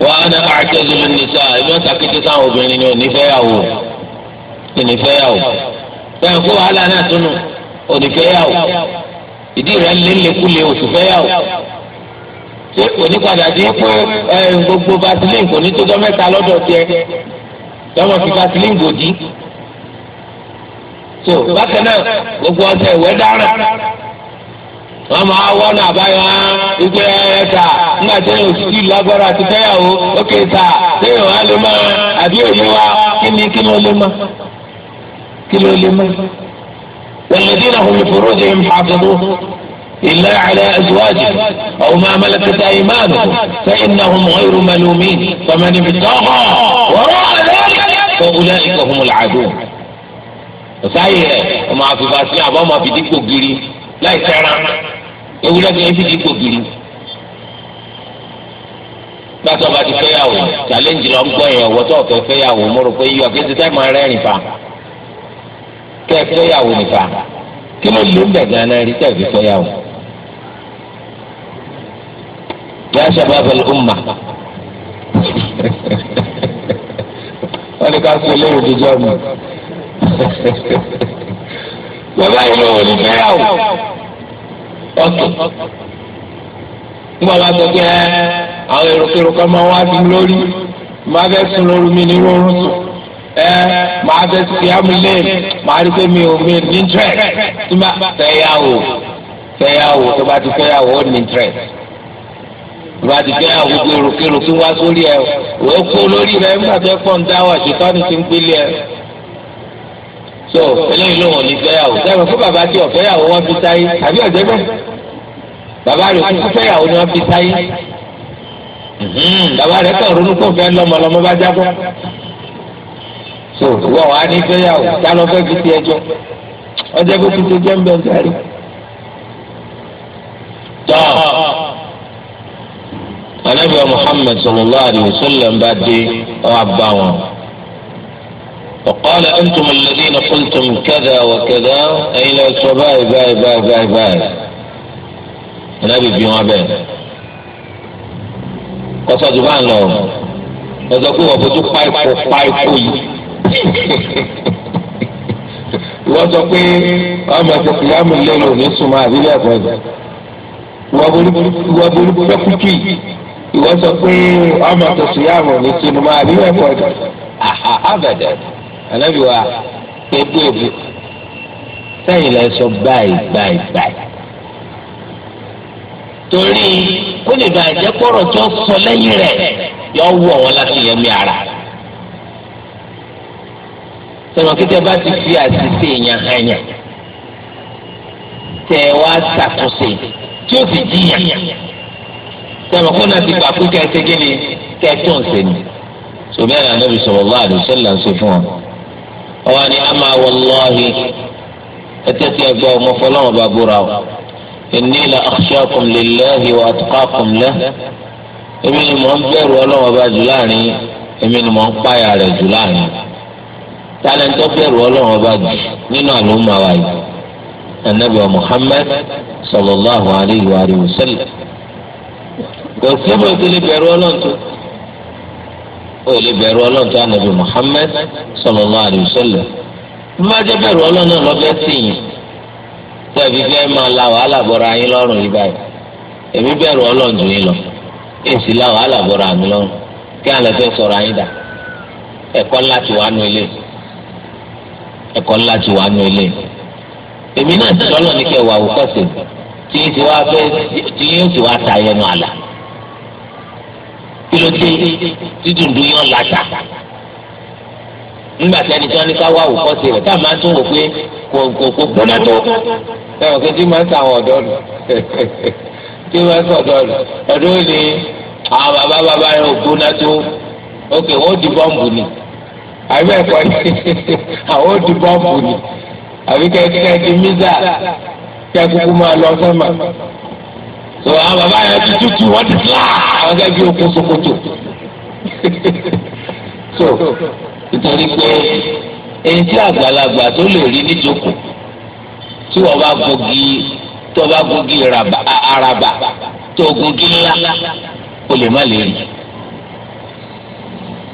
wà á náà àjẹ́ zulu nìsa ẹ̀mí ọ̀tà kété sáwọn obìnrin ni onífẹ́yàwó onífẹ́yàwó bẹ́ẹ̀ kó wàhálà náà túnú onífẹ́yàwó ìdí rẹ̀ ń lé lékulè oṣù fẹ́yàwó. tí kò ní padà di pé gbogbo vaseline kò ní tó mẹ́ta lọ́dọ̀ tiẹ̀ lọ́mọ fi vaseline gòdì so bákan náà gbogbo ọṣẹ ìwẹ̀ dára wọ́n máa wọ́n náà báyọ̀ á ah, ìgbé ẹ̀ ta nígbà tí èèyàn òsì ìlú agbára àti ókè ta téèyàn á lè máa àbí wa kí ni kí ló lè máa kí ló lè máa. إلا على أزواجهم أو ما ملكت أيمانكم فإنهم غير ملومين فمن ابتغى وراء ذلك فأولئك هم العدو sáyé ẹ ọmọ àfìfàsí àbọ ọmọ àfìdípò giri láì sẹran ewúrẹ́ kì í fìdípò giri gbàtọ bá ti fẹ́yàwó challenge lọ ń gbọ́ yẹn ọwọ́ tó ọfẹ fẹ́yàwó mo rò pé yíyọ kí n ti táìmù rẹ rìn fa kẹ fẹ́yàwó nìfa kí ló lò ń bẹ ganan rí tẹ fi fẹ́yàwó. yà sábàbà ọmọ wọn ni ká pé lórí ìdíjọ mi bàbá yìí ló wò ní fẹ́yàwó ọ̀tọ̀ nígbà wọn sọ pé àwọn èròkèrò kan máa wá sí lórí máa fẹ́ sùn lóru mi ní rọrùn sùn ẹ máa fẹ́ sùn kíámù lẹ́yìn máa rí pé mi ò mi ní tẹ́ẹ̀ fẹ́yàwó fẹ́yàwó tó bá ti fẹ́yàwó ó ní tẹ́ẹ̀ ìwà àdìgbẹ́ àwùjọ rùkìrùkì wá sórí ẹ wò ó kó lórí rẹ nígbà tó pọ̀ ń dáwọ̀ àṣetọ́ ni ti ń pélé ẹ. so eléyìí ló wọ̀n ní fẹ́yàwó sẹ́wọ̀n fún bàbá tí ọ̀fẹ́yàwó wọn fi sáyé àbí ọ̀jẹ́ bẹ́ẹ̀ bàbá rẹ̀ kú fẹ́yàwó ni wọ́n fi sáyé mhm. bàbá rẹ̀ kàn ronú kó fẹ́ lọ́mọlọ́mọ bá jábọ́ so wọ́n wá ní fẹ́yàwó dáná fẹ́ fi ti ẹjọ́ ọjọ́ anabi muhammed sallallahu alayhi wa sallam bá dé ọ̀hà bá wọn. وقال أنتم الذين قلتم كذا وكذا أين الصباي باي باي باي باي النبي في بين قصد بان لهم وذكوا وفتوا قايقوا قايقوا wọ́n sọ pé ọmọ ẹ̀sẹ̀ kìlámù lẹ́nu ò ní súnmọ́ àbílẹ̀ ẹ̀kọ́ ẹ̀sẹ̀ wọ́n burú pẹ́kútì ìwọ sọ pé ọmọ tó sùn yá àmọ̀ ní tinubu àbí wẹ́pọ̀ ọ̀dọ̀ àbẹ̀dẹ̀ ànábì wa kéde èbú sẹ́yìn lẹ sọ báyìí báyìí báyìí. torí ó lè bá àjẹ́ pọ̀rọ̀ tó sọ lẹ́yìn rẹ̀ yọ wọ̀ wọn láti yẹn mi ara. sọ̀rọ̀ kí tẹ bá ti fi àṣìṣe èèyàn hàn yàn tẹ wá ṣàtúnṣe tí ó fi jiyàn sẹ́wọ̀n kó náà ti gbà pé kẹ́ẹ́ ṣe kí ni kẹ́ẹ́ tó ń ṣe ni. sọ̀bẹ́ ẹ̀rọ anábì sallallahu alaihi wasallam ṣe fún wọn. ọwọ́ ni ama wallahi ẹtẹ́ tí ẹ gbọ́ ọmọ fọlọ́wọ́n bá búra o. inni la akhshakum lillahi wa atqakum lah. èmi ni mò ń bẹ̀rù ọlọ́wọ́n bá jù láàrin èmi ni mò ń páyà rẹ̀ jù láàrin. tálẹ́ńtọ́ bẹ̀rù ọlọ́wọ́n bá jù nínú àlùmọ́ kò síbi o ti lè bẹ̀rù ọlọ́run tó o lè bẹ̀rù ọlọ́run tó ànábì Muhammad sallallahu alaihi wasallam bí wọ́n jẹ́ bẹ̀rù ọlọ́run náà lọ́bẹ̀ sí yìí tẹ̀bí fẹ́ máa la wàhálà bọ̀rọ̀ ayé lọ́rùn yìí báyìí èmi bẹ̀rù ọlọ́run jù yín lọ èsì la wàhálà bọ̀rọ̀ àmì lọ́rùn kí àlẹ́ fẹ́ sọ̀rọ̀ ayé dà ẹ̀kọ́ ńlá ti wà nù ilé ẹ̀kọ́ ńlá ti wà nù ilé èmi náà ti tọ́lọ̀ ní kẹwàá òkọ́sẹ̀ tí yín ti wá fẹ́ àlà kí ló dé dídùndú yàn láta nígbà tí ẹni tí wọn ní ká wá òkọ sí rẹ tá a máa tún wò pé kò kò kò gbóná tó ẹ ò kéjì máa ń sa àwọn ọ̀dọ́ nù kí wọn sọ ọ̀dọ́ nù ọ̀dọ́ ni àwọn bàbá bàbá rẹ ò gbóná tó ókè wọn ò di bọ́ǹbù ni àbí ẹ̀kọ́ ni àwọn ò di bọ́ǹbù ni àbí kẹ́kẹ́ di mísà kẹ́kúkú máa lọ sọ́mà so àwọn bàbá yẹn ti tútù wọ́n ti fila àwọn gẹ́gẹ́ bí okun sokoto so nítorí pé èyí tí àgbàlagbà tó lè rí níjókòó tí wọ́n bá gogi tó bá gogi araba tó gogi ńlá o lè má lè rí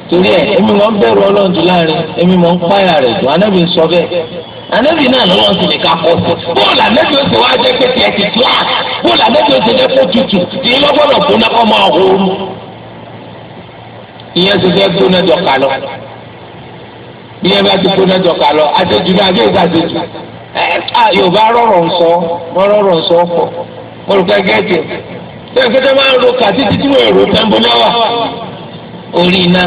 torí ẹ èmi wọn bẹ̀rù Ọlọ́run jù láàrin èmi wọn ń páyà rẹ̀ jù anábì ń sọ bẹ́ẹ̀ anabi náà lọ́wọ́ sí ni ká kó sí bóòlù anabi ó sì wá jẹ́ pé tiẹ̀ ti tó à bóòlù anabi ó sì jẹ́ kó tutù tí ń lọ́gbọ́dọ̀ kó náà kó máa hóoru ìyẹn ti fẹ́ gbóná jọ ká lọ ìyẹn bá ti gbóná jọ ká lọ àtẹ̀jù náà àbí ìgbà àtẹ̀jù yorùbá rọrọ̀ nsọ wọ́n rọrọ̀ nsọ pọ̀ mo rò pé gẹ́gẹ́ tí ẹ̀ fẹ́tẹ́ máa ń ro kà títí tí mo rò tẹ́ńbó náà wà orí iná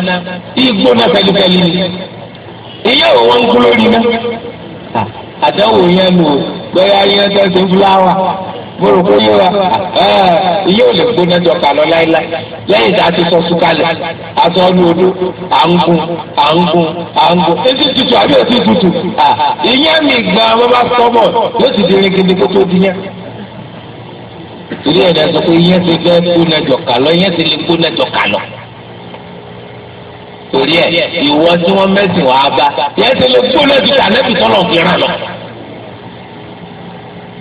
tí gbóná pẹ̀lúpẹ̀lú ni ìyá òun wọn ń kú lórí iná. Ah, àdánwò yẹn nù bóyá yẹn tó ṣe fúláwà mọ̀rọ̀ kó yẹ wa iye ò lè gbóná jọ kàlọ́ láéláé lẹ́yìn tá a ti sọ sukalẹ̀ aṣọ ọdún ọdún à ń gun à ń gun à ń gun etí tutù àbí etí tutù ah, ìyẹn mi gbà wọn bá sọmọ yóò ti di iringidi kó tó di yẹn. ìdí ẹ̀dá sọ pé ìyẹn ti fẹ́ gbóná jọ kàlọ́ ìyẹn ti lè gbóná jọ kàlọ́ torí ẹ ìwọ tí wọn mẹsìn wàá bá yẹn ti lè gbólé ju tànẹbì tọlọ fìràn lọ.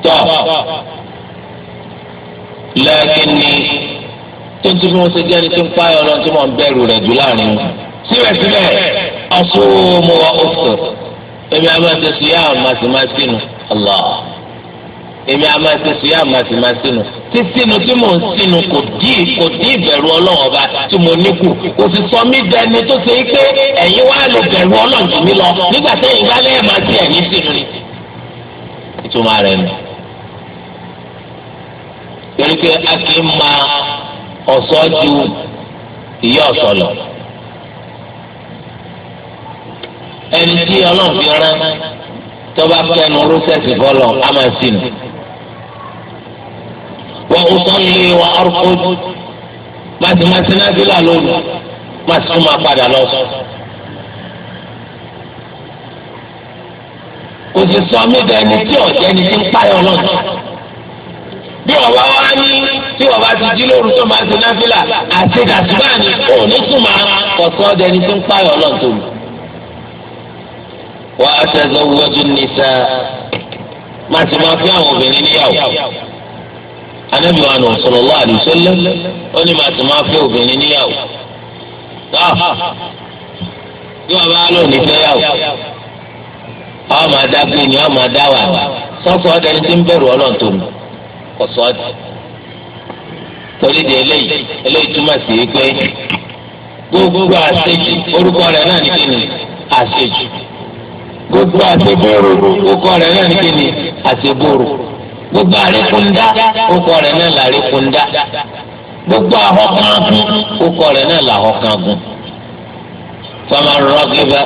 tọ lẹ́ẹ̀kìn ni tó ń tún fún ṣe jẹ́ni tó ń pààyàn lọ tí wọ́n ń bẹ̀rù rẹ̀ jù láàrin wọn. síbẹ̀síbẹ̀ ọ̀ṣun mo wá ọ̀ṣun èmi àbájáde sí yá àwọn màsímàsínú Allah èmi a máa ṣe sùúyà máa sì máa sínú tí sínú tí mò ń sínú kò dí kò dí ìbẹ̀rù ọlọ́run ọba tí mo ní kù kò sì sọ mí dẹni tó ṣe pé ẹ̀yin wá lè bẹ̀rù ọlọ́run jù mí lọ nígbà tẹ́yìn bá lẹ́yìn máa ti ẹ̀yìn sínú ni. ìtumọ̀ rẹ̀ nù. torí pé a kì í ma ọ̀ṣọ́ ju ìyá ọ̀ṣọ́ lọ. ẹni tí ọlọ́run fi rán tọ́ba kẹnu rúṣẹ́sì fọlọ́ a máa sínú wà ọ̀sánlé wà ọ̀rọ̀kọ́ láti máa ṣe náà sílà lónìí máa sún máa padà lọ sọ. kò sì sọ mí bẹ́ẹ̀ ni tí ọ̀jẹ́ ni ti ń páyọ̀ lọ́nà bí ọba wa ní tí ọba ti jí lóru tó máa ṣe náà sílà àti dàtúbà ni òun ní sùn máa kọ̀sọ́ ọ̀jẹ́ ni ti ń páyọ̀ lọ́nà tó lù. wà á tẹ̀sán wọ́jú nìta máa ti máa fi àwọn obìnrin níyàwó. anabi wa nù sallallahu alaihi wasallam ó ní màtí máa fẹ́ obìnrin níyàwó tó tí wọn bá lò ní fẹ́yàwó àwọn máa dá gbé ni àwọn máa dá wà sọfọ ọdẹni tí ń bẹ̀rù Ọlọ́run nù kò sọ ọ eléyìí eléyìí túmọ̀ sí i pé gbogbo àṣejù orúkọ náà ní kíni gbogbo orúkọ náà ní kíni àṣeboro. gbogbo àríkúndá orúkọ rẹ̀ náà là àríkúndá gbogbo àhọkàngún orúkọ rẹ̀ náà là àhọkàngún. fama rọgìbà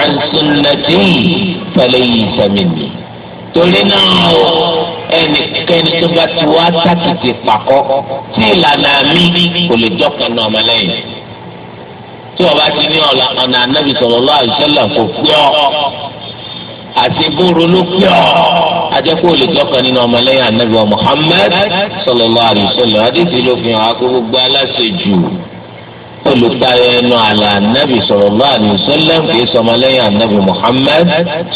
àǹtúnàtì fẹlẹ́ yìí sẹ́mìnì torí náà o ẹnikẹ́ni tó bá ti wá tákìtì pàkọ́ tí ìlànà mi kò lè dọ́kan náà ọmọlẹ́yìn tí ọba ti ní ọ̀nà ànábì sallallahu alaihi kò pé ọ́ àti bóró ló pè ọ ajẹkọ olùjọkan nínú ọmọlẹ́yìn anabi wa muhammed sallallahu alaihi wasallam adéjì ló fi hàn ákó gbogbo aláṣejù olùtayọ ẹnu àlà anabi sallallahu alaihi wasallam kìí sọmọlẹ́yìn anabi muhammed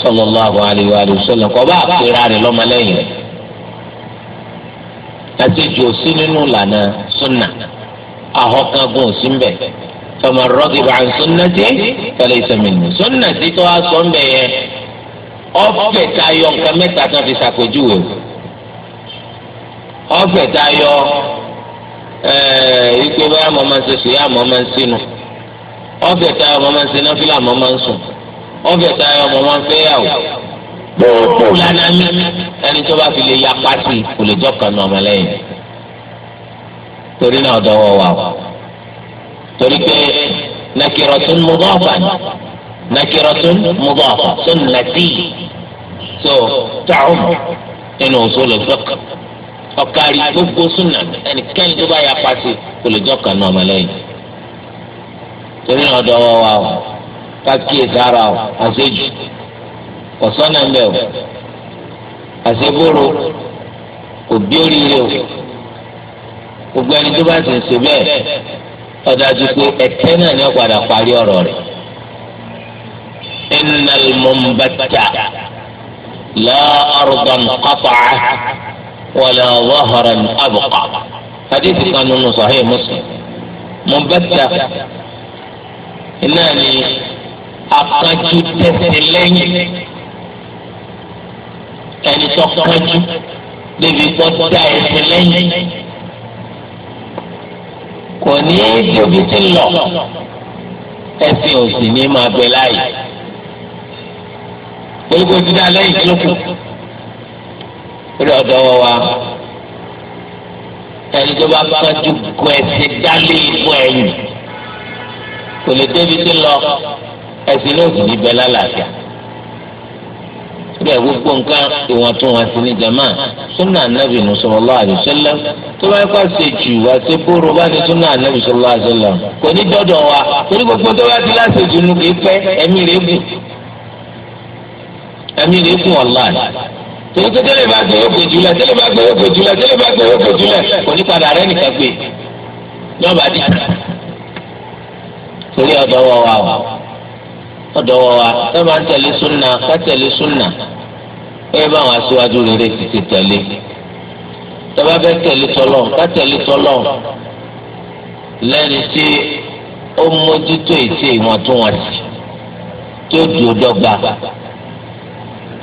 sallallahu alaihi wasallam bá àpèrà rẹ lọmọlẹ́yìn àṣejù òsín nínú lànà sunna ahọ́kangun òsín bẹ́ẹ̀ faman ragiba an sunnati falaysa minni sunnati tó a sọ ń ọ̀fẹ́ tá a yọ nǹkan mẹ́ta tó fi ṣàpèjúwe o ọ̀fẹ́ tá a yọ ìpè báyà mọ́ máa ń ṣe sùúyà mọ́ máa ń sínú ọ̀fẹ́ tá a yọ mọ́ máa ń ṣe náfìlà mọ́ máa ń sùn ọ̀fẹ́ tá a yọ ń fẹ́ yà o gbogbo lana ẹni tó bá fi lè ya pàṣẹ kò lè jọ kan nà ọmọ torí náà dọwọ́ wa o torí pé nàkìrọ̀tún mudafan nàkìrọ̀tún mudafan sunnati. so ta'um nínú òṣòlò fẹ́k ọ̀kárí gbogbo súnà ẹnikẹ́ni tó bá yà pàṣẹ kò lè jọ́ka náà ọmọlẹ́yìn torí náà dọ́wọ́ wa o kákíyè sára o àṣejù kọ̀sọ́nà ń bẹ̀ o àṣebóró òbí oríire o gbogbo ẹni tó bá sì ń ṣe bẹ́ẹ̀ ọ̀dájú pé ẹ̀tẹ́ náà ni ó padà parí ọ̀rọ̀ rẹ̀ innal mumbata. لا أرضا قطعة ولا ظهرا أبقى حديث كان من صحيح مسلم مبتة إنني أقاجو تسلين يعني تقاجو لبي قد تسلين kò ní í débi tí ń gbogbo ti dá lẹ́yìn kílókù lórí ọ̀dọ́ wa ẹni tó bá kájú kó ẹsẹ̀ dálé ikú ẹ̀yìn kò lè débi tó lọ ẹsẹ̀ náà sì níbẹ̀ lálàáfíà bẹ́ẹ̀ gbogbo nǹkan ìwọ̀ntúnwọ̀nsì ní jama súnà anábì ní sallallahu alaihi wasallam tó bá yẹ kó ṣe jù wá sí bóró bá ní súnà anábì sallallahu alaihi wasallam kò ní dọ́dọ̀ wa torí gbogbo tó bá ti láṣẹ nù kì pẹ́ ẹ̀mí rẹ̀ bù ẹ̀mí rẹ̀ fún ọ̀la tòun tó tẹ́lẹ̀ bá gbé yókò jùlẹ̀ tẹ́lẹ̀ bá gbé yókò jùlẹ̀ tẹ́lẹ̀ bá gbé yókò jùlẹ̀ onípadà rẹ̀ nìkan gbé yọba dì torí ọ̀dọ̀ wọ wa o ọ̀dọ̀ wọ wa ẹ máa ń tẹ̀lé súnà ká tẹ̀lé súnà ẹ bá wọn aṣíwájú rere ti ti tẹ̀lé tọ́ba fẹ́ tẹ̀lé tọ́lọ̀ ká tẹ̀lé tọ́lọ̀ lẹ́ni tí ó mójútó ètí ìwọ̀ntúnwọ̀nsì tó dùn ó dọ́gba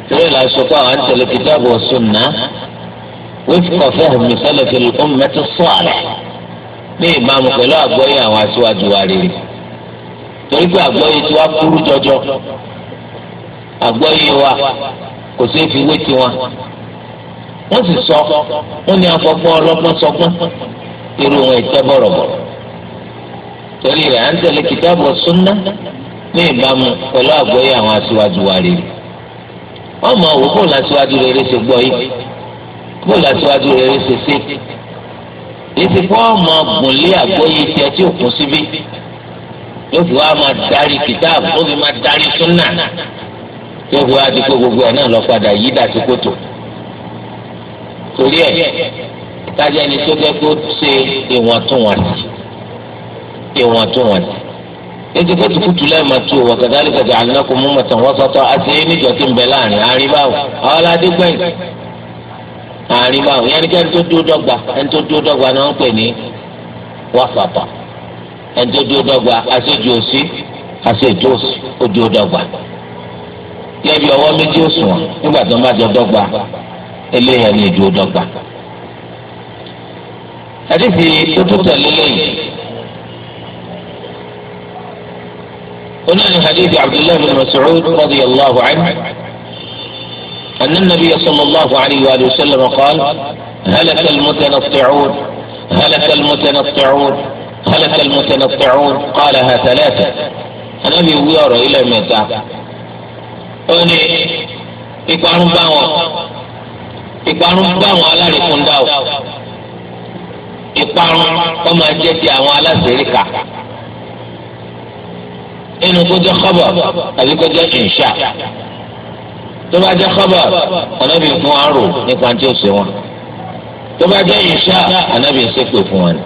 torí la sọ pé àwọn àtẹlẹ kìtàbù sunnah wífọ̀ fẹ́hùn mùsọ̀lẹ̀ fi ummati salih ní ìbámu pẹ̀lú àgbọ́yé àwọn aṣíwájú wa rere torí pé àgbọ́yé tí wàá kúrú jọjọ àgbọ́yé wa kò sí fi wé tiwọn wọ́n sì sọ wọ́n ní afọ́gbọ́n ọlọ́gbọ́n sọgbọ́n irú wọn ìtẹ́ torí rẹ̀ à ń tẹ̀lé kìtàbù sunnah ní ìbámu pẹ̀lú àgbọ́yé àwọn aṣíwájú wa rere wọ́n mọ̀ wò bóòlù aṣíwájú rere ṣe gbọ́ yìí bóòlù aṣíwájú rere ṣe ṣe èsì fọ́ọ̀ mọ̀ gùnlé àgbóyè tiẹ̀ tí ò kún síbí yóò fi wá máa darí kìtáàbù ó fi máa darí súnà yóò fi wá di pé gbogbo ẹ̀ náà lọ padà yí dà sí kòtò torí ẹ̀ kájẹ́ni tó fẹ́ kó ṣe ìwọ̀ntúnwọ̀ntì ìwọ̀ntúnwọ̀ntì ètò kó tukutu lẹ́yìn máa tu wọ̀ kàdáni kàdé àlùnákò mú mọ̀tàn wọ́sọ̀tọ̀ àti níjọ́ kí n bẹ̀ láàrin àárín báwò àwọn aládé gbẹ̀yìn àárín báwò yẹn ni kí ẹni tó dúró dọ́gba ẹni tó dúró dọ́gba náà ń pè ní wọ́sọ̀tọ̀ ẹni tó dúró dọ́gba àṣejù òsì àṣejù òsì ó dúró dọ́gba yẹn bí ọwọ́ méjì òsùn wọn nígbà tó má jọ dọ́gba eléyàn ni ìdúró dọ́gba. àdìsí tó tó tẹ̀lé lẹ́yìn هنا من حديث عبد الله بن مسعود رضي الله عنه أن النبي صلى الله عليه وآله وسلم قال هلك المتنطعون هلك المتنطعون هلك المتنطعون قالها ثلاثة أنا النبي ويارة إلى متى أني إقارن باوا إقارن باوا على ركن داو إقارن وما جتي أموالا سيركا nínú kó jẹ́ khabar àbí kó jẹ́ insha tó bá jẹ́ khabar ànábì fún wa nípa tí ó ṣe wọn tó bá jẹ́ insha ànábì ń ṣépè fún wọn.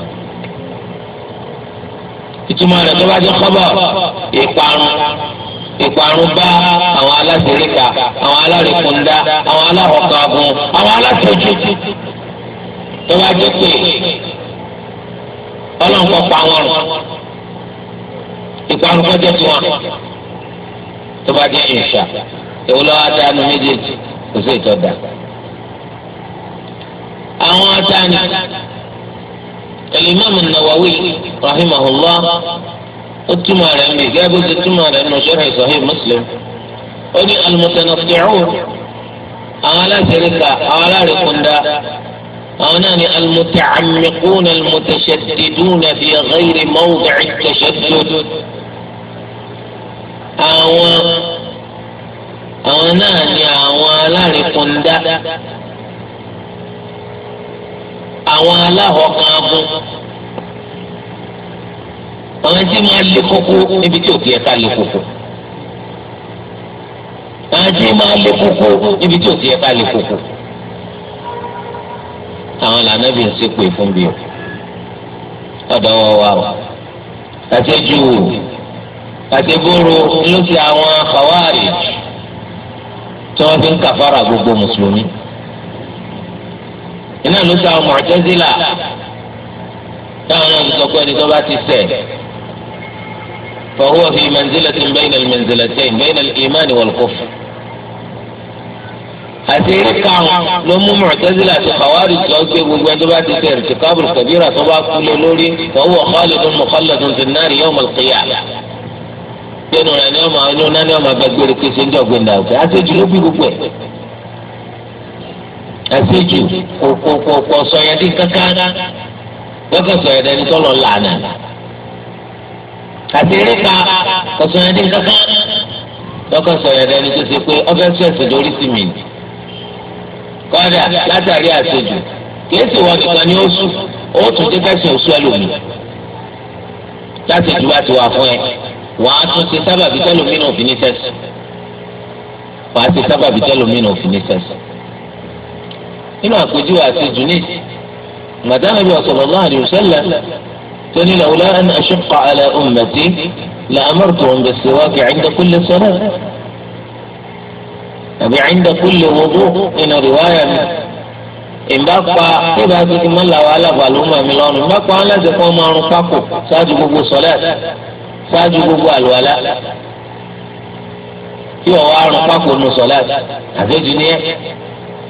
ìtumọ̀ rẹ̀ tó bá jẹ́ khabar ìparun ìparun bá àwọn aláṣẹríkà àwọn alárìkúndá àwọn aláhọkàgùn àwọn aláṣẹjù tó bá jẹ́ pé ọlọ́nkọ́ pa wọn rùn. ìparun kọjá tí wọn tó bá jẹ ìṣà èwo lọ́wọ́ àtàánú méjèèjì kò sí ìtọ́da. àwọn àtàánú Al-Imam An-Nawawi rahimahullah ó túmọ̀ rẹ̀ ń bì gẹ́gẹ́ bó ti won to ba je isa ìwúlọ lowo ataanu mejeeji ko rẹ̀ tumo re mi gege bo ti tumo re nu Sharh ìṣọ̀hí mùsùlùm ó ní al-mutanatti'un àwọn aláṣẹríkà àwọn alárekunda àwọn náà ní al-muta'ammiqun al-mutashaddidun fi ghayri mawdi'i at-tashaddud. àwọn àwọn náà ni àwọn alárìnkúndá àwọn aláhọ̀kàngun àwọn tí máa lé kókó níbi tí òkè ẹ̀ka lè kókó àwọn tí máa lé kókó níbi tí òkè ẹ̀ka lè kókó àwọn làánà bí n ṣe pè fún bí o ọ̀dọ̀ wọ́n wà o àti ẹjú wò kàtẹ́bùrù ló ti àwọn kàwáàrì tí wọ́n fi ń kàfàrà gbogbo mùsùlùmí. iná ló ti àwọn mọ̀tẹ́sílà táwọn náà ti sọ pé ẹni tó bá ti ṣẹ̀ فهو في منزلة بين المنزلتين بين الإيمان والكفر àti ìrìkàn ló mú Mu'tazila àti Khawarij lọ gbé gbogbo ẹni tó bá ti ṣe irtikabul kabira tó bá kú lé lórí فهو خالد مخلد في النار يوم القيامة. nínú rẹ̀ ni ọmọ inú náà ni ọmọ abẹ gbére kése ń dọ̀gbìn náà fẹ́ àṣejù ló bí gbogbo ẹ̀ àṣejù kò kò kò kò sọ̀yẹ́dín kankan lọ́kọ̀ lànà àtẹ̀ríkà kò sọ̀yẹ́dín kankan lọ́kọ̀ sọ̀yẹ́dẹ́ni tó ṣe pé ọbẹ̀ sọ̀ẹ̀sì lórí sí mi látàrí àṣejù kìí sì nìkan ni ó ó tún dé òṣù ẹlòmíì wà fún ẹ. wàá tún ṣe sábàbí tẹlómìnà òfin ní sẹ́sì wàá ṣe sábàbí tẹlómìnà òfin ní sẹ́sì. nínú àpèjú àti junis màdánù bí sallallahu alaihi sẹlẹ tó ní lawla an ashqa ala ummati la tó ń wá kí siwak 'inda lè sọrọ àbí 'inda kulli wudu' nínú rìwáyà mi ìbá pa ìbá tuntun mọ́lá wàhálà bàlùmọ̀ mi lọ́rùn ìbá pa aláṣẹ fún ọmọ ọrùn pákó ṣáájú gbogbo sọ́lẹ̀ ṣáájú gbogbo àlùwàlá tí ọwọ́ àrùn pákó nu sọ̀láàtì àbẹ́jù ni ẹ́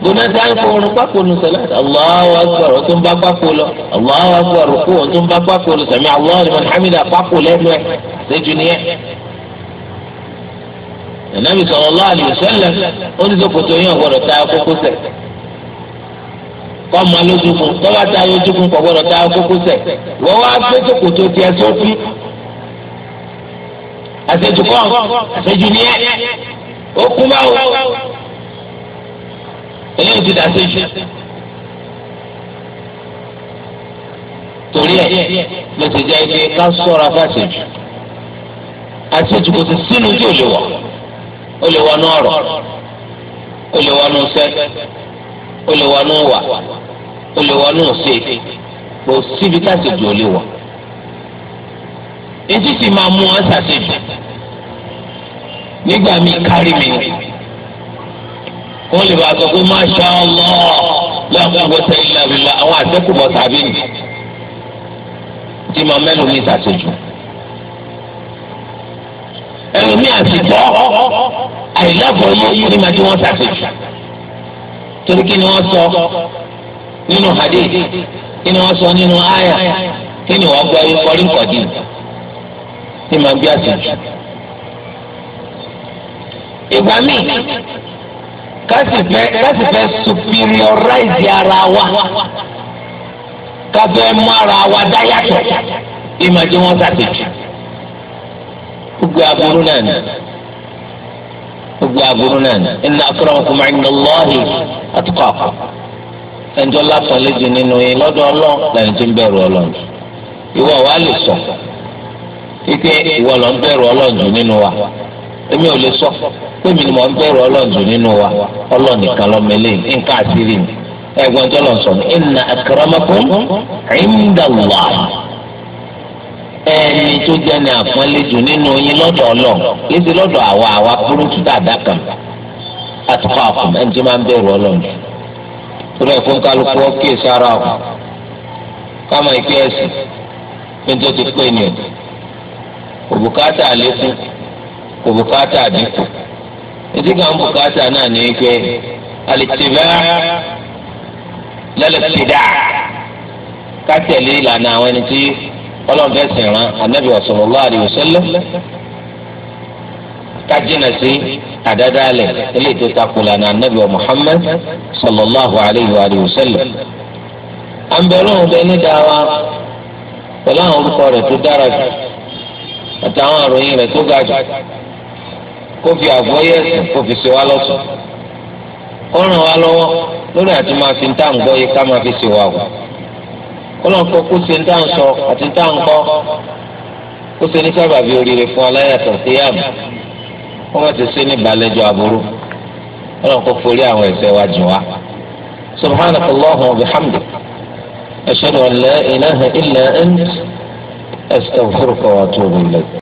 gbóná tí a ń kó orun pákó nu sọ̀láàtì Allahu akbar ó tún bá pákó lọ Allahu akbar kó ó tún bá pákó lọ sami Allahu liman hamida pákó lẹ́nu ẹ̀ àbẹ́jù ni ẹ́. Ànábì sallallahu alaihi wasallam ó ní sọ́kòtò yẹn ọ̀gbọ́dọ̀ ta kókó sẹ̀ kọ́ ma lójú fún tọ́wọ́ ta lójú fún kọ̀ ta kókó sẹ̀ wọ́n wá gbé sọ́kòtò tiẹ̀ sọ́fí àṣejù kọ́ àṣejù ni ẹ́ ó kú báwo eléyìí ti dàṣejù torí ẹ̀ ló ti jẹ́ ike ká sọ̀rọ̀ afáṣejù àṣejù kò sí sínú tí ò lè wọ̀ ó lè wọnú ọ̀rọ̀ ó lè wọnú sẹ́ ó lè wọnú wà ó lè wọnú ṣe kò síbi ká ṣe lè wọ̀ etí sì máa mú wọn ṣàṣejù nígbà mi kárí mi wọn lè bá a sọ pé masha Allah la quwwata illa billah àwọn àtẹkùbọ̀ tàbí nì tí màá mẹ́nu mi ṣàṣejù ẹlòmíì àṣìjọ àìlábọ̀ yé ni màá tí wọ́n ṣàṣejù torí kí ni wọ́n sọ nínú hadith kí ni wọ́n sọ nínú àyà kí ni wọ́n gbọ́ yín kọrí kọ̀dí tí màá bí àṣejù. ìgbà míì kásì fẹ́ kásì fẹ́ superiorize ara wa káfẹ́ mú ara wa dá yàtọ̀ ìmọ̀jú wọn ṣàṣejù. gbogbo aburú náà ni gbogbo aburú náà ni inna akramakum inda Allahi atqakum ẹnjọ́ lápọ̀ léjì nínú yín lọ́dọ̀ ọlọ́ọ̀ lẹ́yìn tí ń bẹ̀rù ọlọ́ọ̀ ìwọ wa lè sọ. ike ìwọ lọ ń bẹ̀rù ọlọ́run nínú wa èmi sọ pé mi ni mo ń bẹ̀rù ọlọ́run nínú wa ọlọ́run lọ́mọ eléyìí ọjọọ àṣírí mi ẹ̀gbọ́n tó lọ sọ ní ẹni tó jẹ́ àpọ́nlẹ́jù nínú yín lọ́dọ̀ lọ́dọ̀ àwa àwa dáadáa kan àkùn ẹni tí máa ń torí ẹ̀ fún kálukú sára ọ̀ kò bùkátà àlékún kò bùkátà àdínkù etí kan bùkátà náà ní pé alìtìbá lẹ́lẹ́tìdá ká tẹ̀lé ìlànà àwọn ẹni tí ọlọ́run fẹ́ sìn rán anábì sallallahu alaihi wasallam ká jìnnà sí àdádálẹ̀ ilé tó takò lànà anábì Muhammad sallallahu alaihi wasallam. àǹbẹ̀rún ọ̀bẹ ní dáwà pẹ̀lú àwọn orúkọ rẹ̀ tó dára jù àtàwọn àròyìn rẹ̀ tó ga jù kó fi àgbọ́yé ẹ̀sìn kó fi ṣe wá lọ́sùn ó ràn wá lọ́wọ́ lórí àti máa fi tá à ń gbọ́ yìí ká máa fi ṣe wà wò ó lọ́n kọ́ kó ṣe ń tá à àti ń tá kó ṣe ní sábàbí oríire fún aláyàtọ̀ sí yàmù ó má ti ṣe ní ìbàlẹ́jọ àbúrò ó lọ́n kọ́ forí àwọn ẹ̀ṣẹ̀ wa jù wá. subhanaka allahumma wa bihamdik ashhadu an la ilaha illa ant. أستغفرك وأتوب إليك